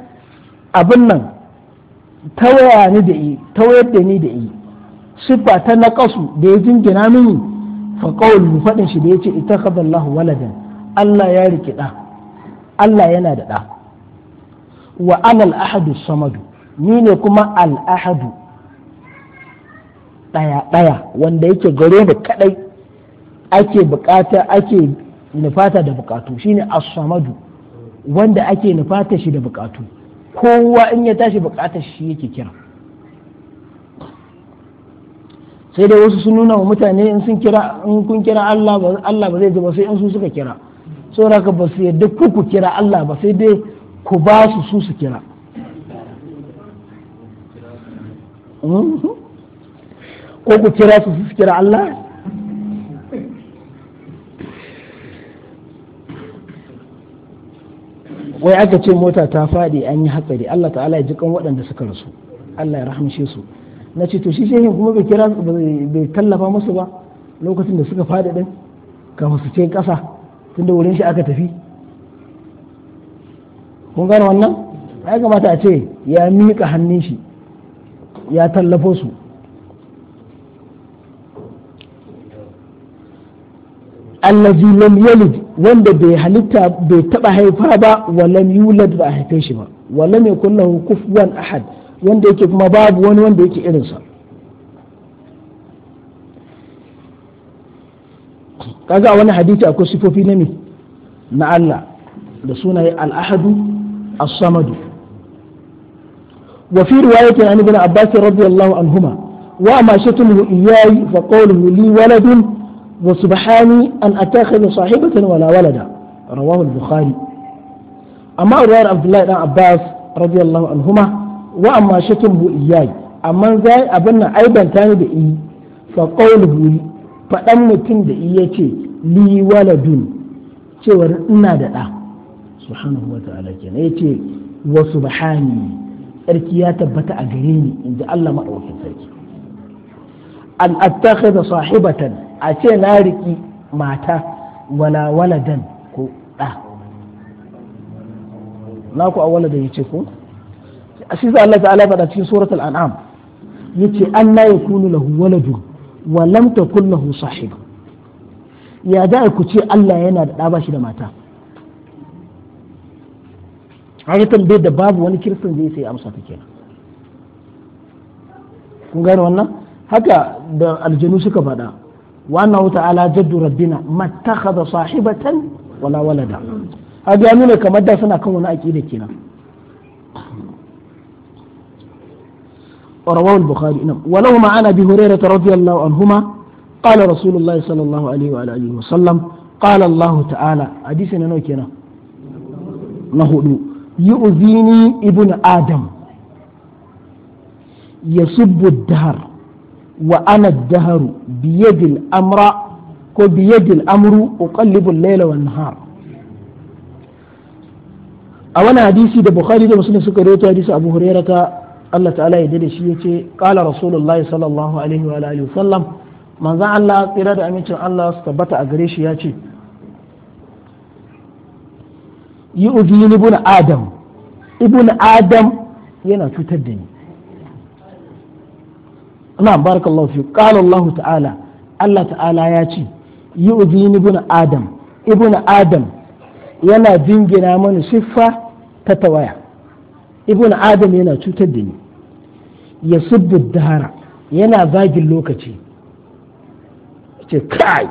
abin nan tawaya ni da yi tawayar da ni da yi siffa ta naƙasu da ya jingina mini fa mu faɗin shi da yace ittakhadha Allah waladan Allah ya riki ɗa Allah yana da ɗa wa anal ahadu samadu ni ne kuma al ahadu ɗaya ɗaya wanda yake gare ni kadai ake bukata ake nufata da bukatu shine as-samadu wanda ake nufata shi da bukatu kowa in ya tashi bukatar shi yake kira sai dai wasu sun nuna wa mutane in sun kira in kun kira Allah ba Allah ba zai ji ba sai in su suka kira saboda ka ba su yadda ku ku kira Allah ba sai dai ku ba su su su kira hmm? ko ku kira su su kira Allah wai aka ce mota ta faɗi an yi hatsari Allah ta'ala ya jikan waɗanda suka rasu Allah ya rahamshe su na ce to shi shehin kuma bai kira bai tallafa musu ba lokacin da suka faɗi din kafin su ce ƙasa tunda wurin shi aka tafi kun gane wannan ya kamata a ce ya miƙa hannun shi ya tallafo su allazi lam yalid wanda bai halitta bai taba haifa ba wa lam yulad ba a haife shi ba wa lam yakul lahu kufuwan ahad wanda yake kuma babu wani wanda yake irinsa kaga a wani hadisi akwai sifofi na me na Allah da sunaye al-ahadu as-samadu wa fi riwayatin an ibn abbas radiyallahu anhuma wa ma shatumuhu iyyahi fa qawluhu li waladun وسبحاني أن أتخذ صاحبة ولا ولدا رواه البخاري أما رواية عبد الله بن عباس رضي الله عنهما وأما شتمه إياي أما زي أبنى أيضا تاني بإي فقوله فأم متن بإيتي لي ولد cewar ina da ɗa subhanahu wa ta'ala kenan yace wa subhani tsarki ya tabbata a gare ni inda Allah maɗaukakin sarki an attakhadha sahibatan a ce na riki mata wala waladan ko da na ku awala da yace ko shi za Allah ta'ala faɗa cikin Ya ce an na ya kunu lahu waladun wa lam takun lahu sahiba ya da ku ce Allah yana da ɗa ba shi da mata yi tambayar da babu wani kiristan zai sai amsa ta kenan kun gane wannan haka da aljanu suka faɗa wannan ta'ala jaddu rabbina mattakhadha sahibatan wala walada haka ya nuna kamar da suna kan wani aqida kenan رواه البخاري نعم وله مع أبي هريرة رضي الله عنهما قال رسول الله صلى الله عليه وعلى آله وسلم قال الله تعالى حديثنا نوكينا نهدو يؤذيني ابن آدم يسب الدهر wa ana daharu biyadil amra ko biyadil amru uqallibu al-layla wan nahar a wannan hadisi da bukhari da muslim suka rawaito hadisi abu hurairah ta Allah ta'ala ya dade shi yace qala rasulullahi sallallahu alaihi wa alihi wasallam manzo Allah tsira da amincin Allah su a gare shi ya ce. yi ubini bun adam ibn adam yana cutar da ni na'am barakallahu fi qala Allah ta'ala Allah ta'ala ya ce yu'zini ibn adam ibn adam yana jingina mana siffa ta tawaya ibn adam yana cutar da ni ya subbu dahara yana zagin lokaci ce kai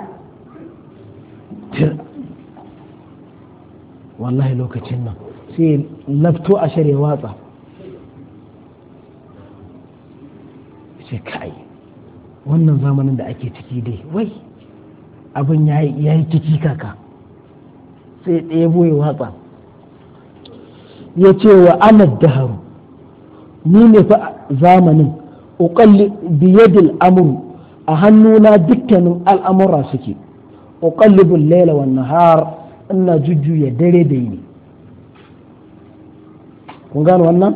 wallahi lokacin nan sai lafto a shirya watsa ce kai wannan zamanin da ake ciki dai wai abin ya yi ciki kaka sai ɗaya boye watsa ya ce wa anad Haru ni ne fa zamanin biye biyadil amru a hannuna dukkanin al'amura suke bin laila wa nahar ina jujjuya dare da yini kun gano wannan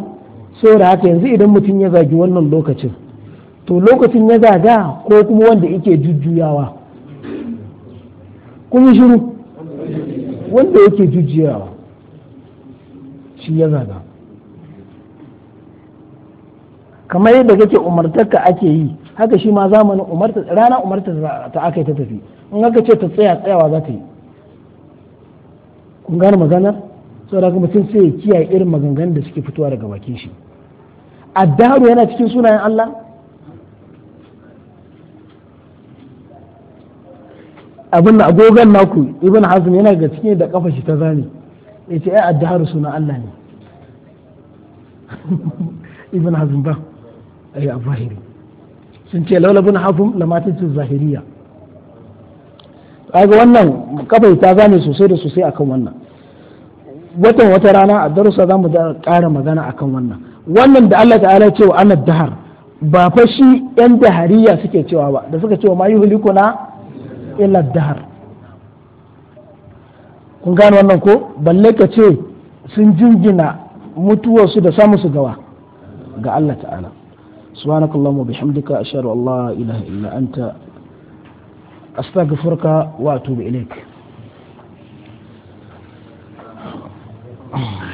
saboda haka yanzu idan mutum ya zagi wannan lokacin to lokacin ya zaga ko kuma wanda yake jujjuyawa kuma shiru wanda yake jujjuyawa shi ya zaga kamar yadda kake umartarka ake yi haka shi ma zamanin umarta rana umarta ta aka yi ta tafi in aka ce ta tsaya tsayawa za ta yi kun gane maganar saboda kuma mutum sai ya kiyaye irin maganganun da suke fitowa daga bakin shi addaru yana cikin sunayen Allah abin da agogon naku ibn hazm yana ga cikin da kafa shi ta zane ya ce ai addaharu suna Allah ne ibn hazm ba ai a zahiri sun ce laula bin hafum lamatin zahiriya kaga wannan kafa ta zane sosai da sosai akan wannan watan wata rana a darussa za mu ƙara magana akan wannan wannan da Allah ta'ala ya wa ana dahar ba fa shi yan dahariya suke cewa ba da suka cewa ma yuhlikuna illa dahar kun gane wannan ko balle ka ce sun jingina mutuwarsu da samu su gawa ga Allah ta'ala سبحانك اللهم وبحمدك أشهد أن لا إله إلا أنت أستغفرك وأتوب إليك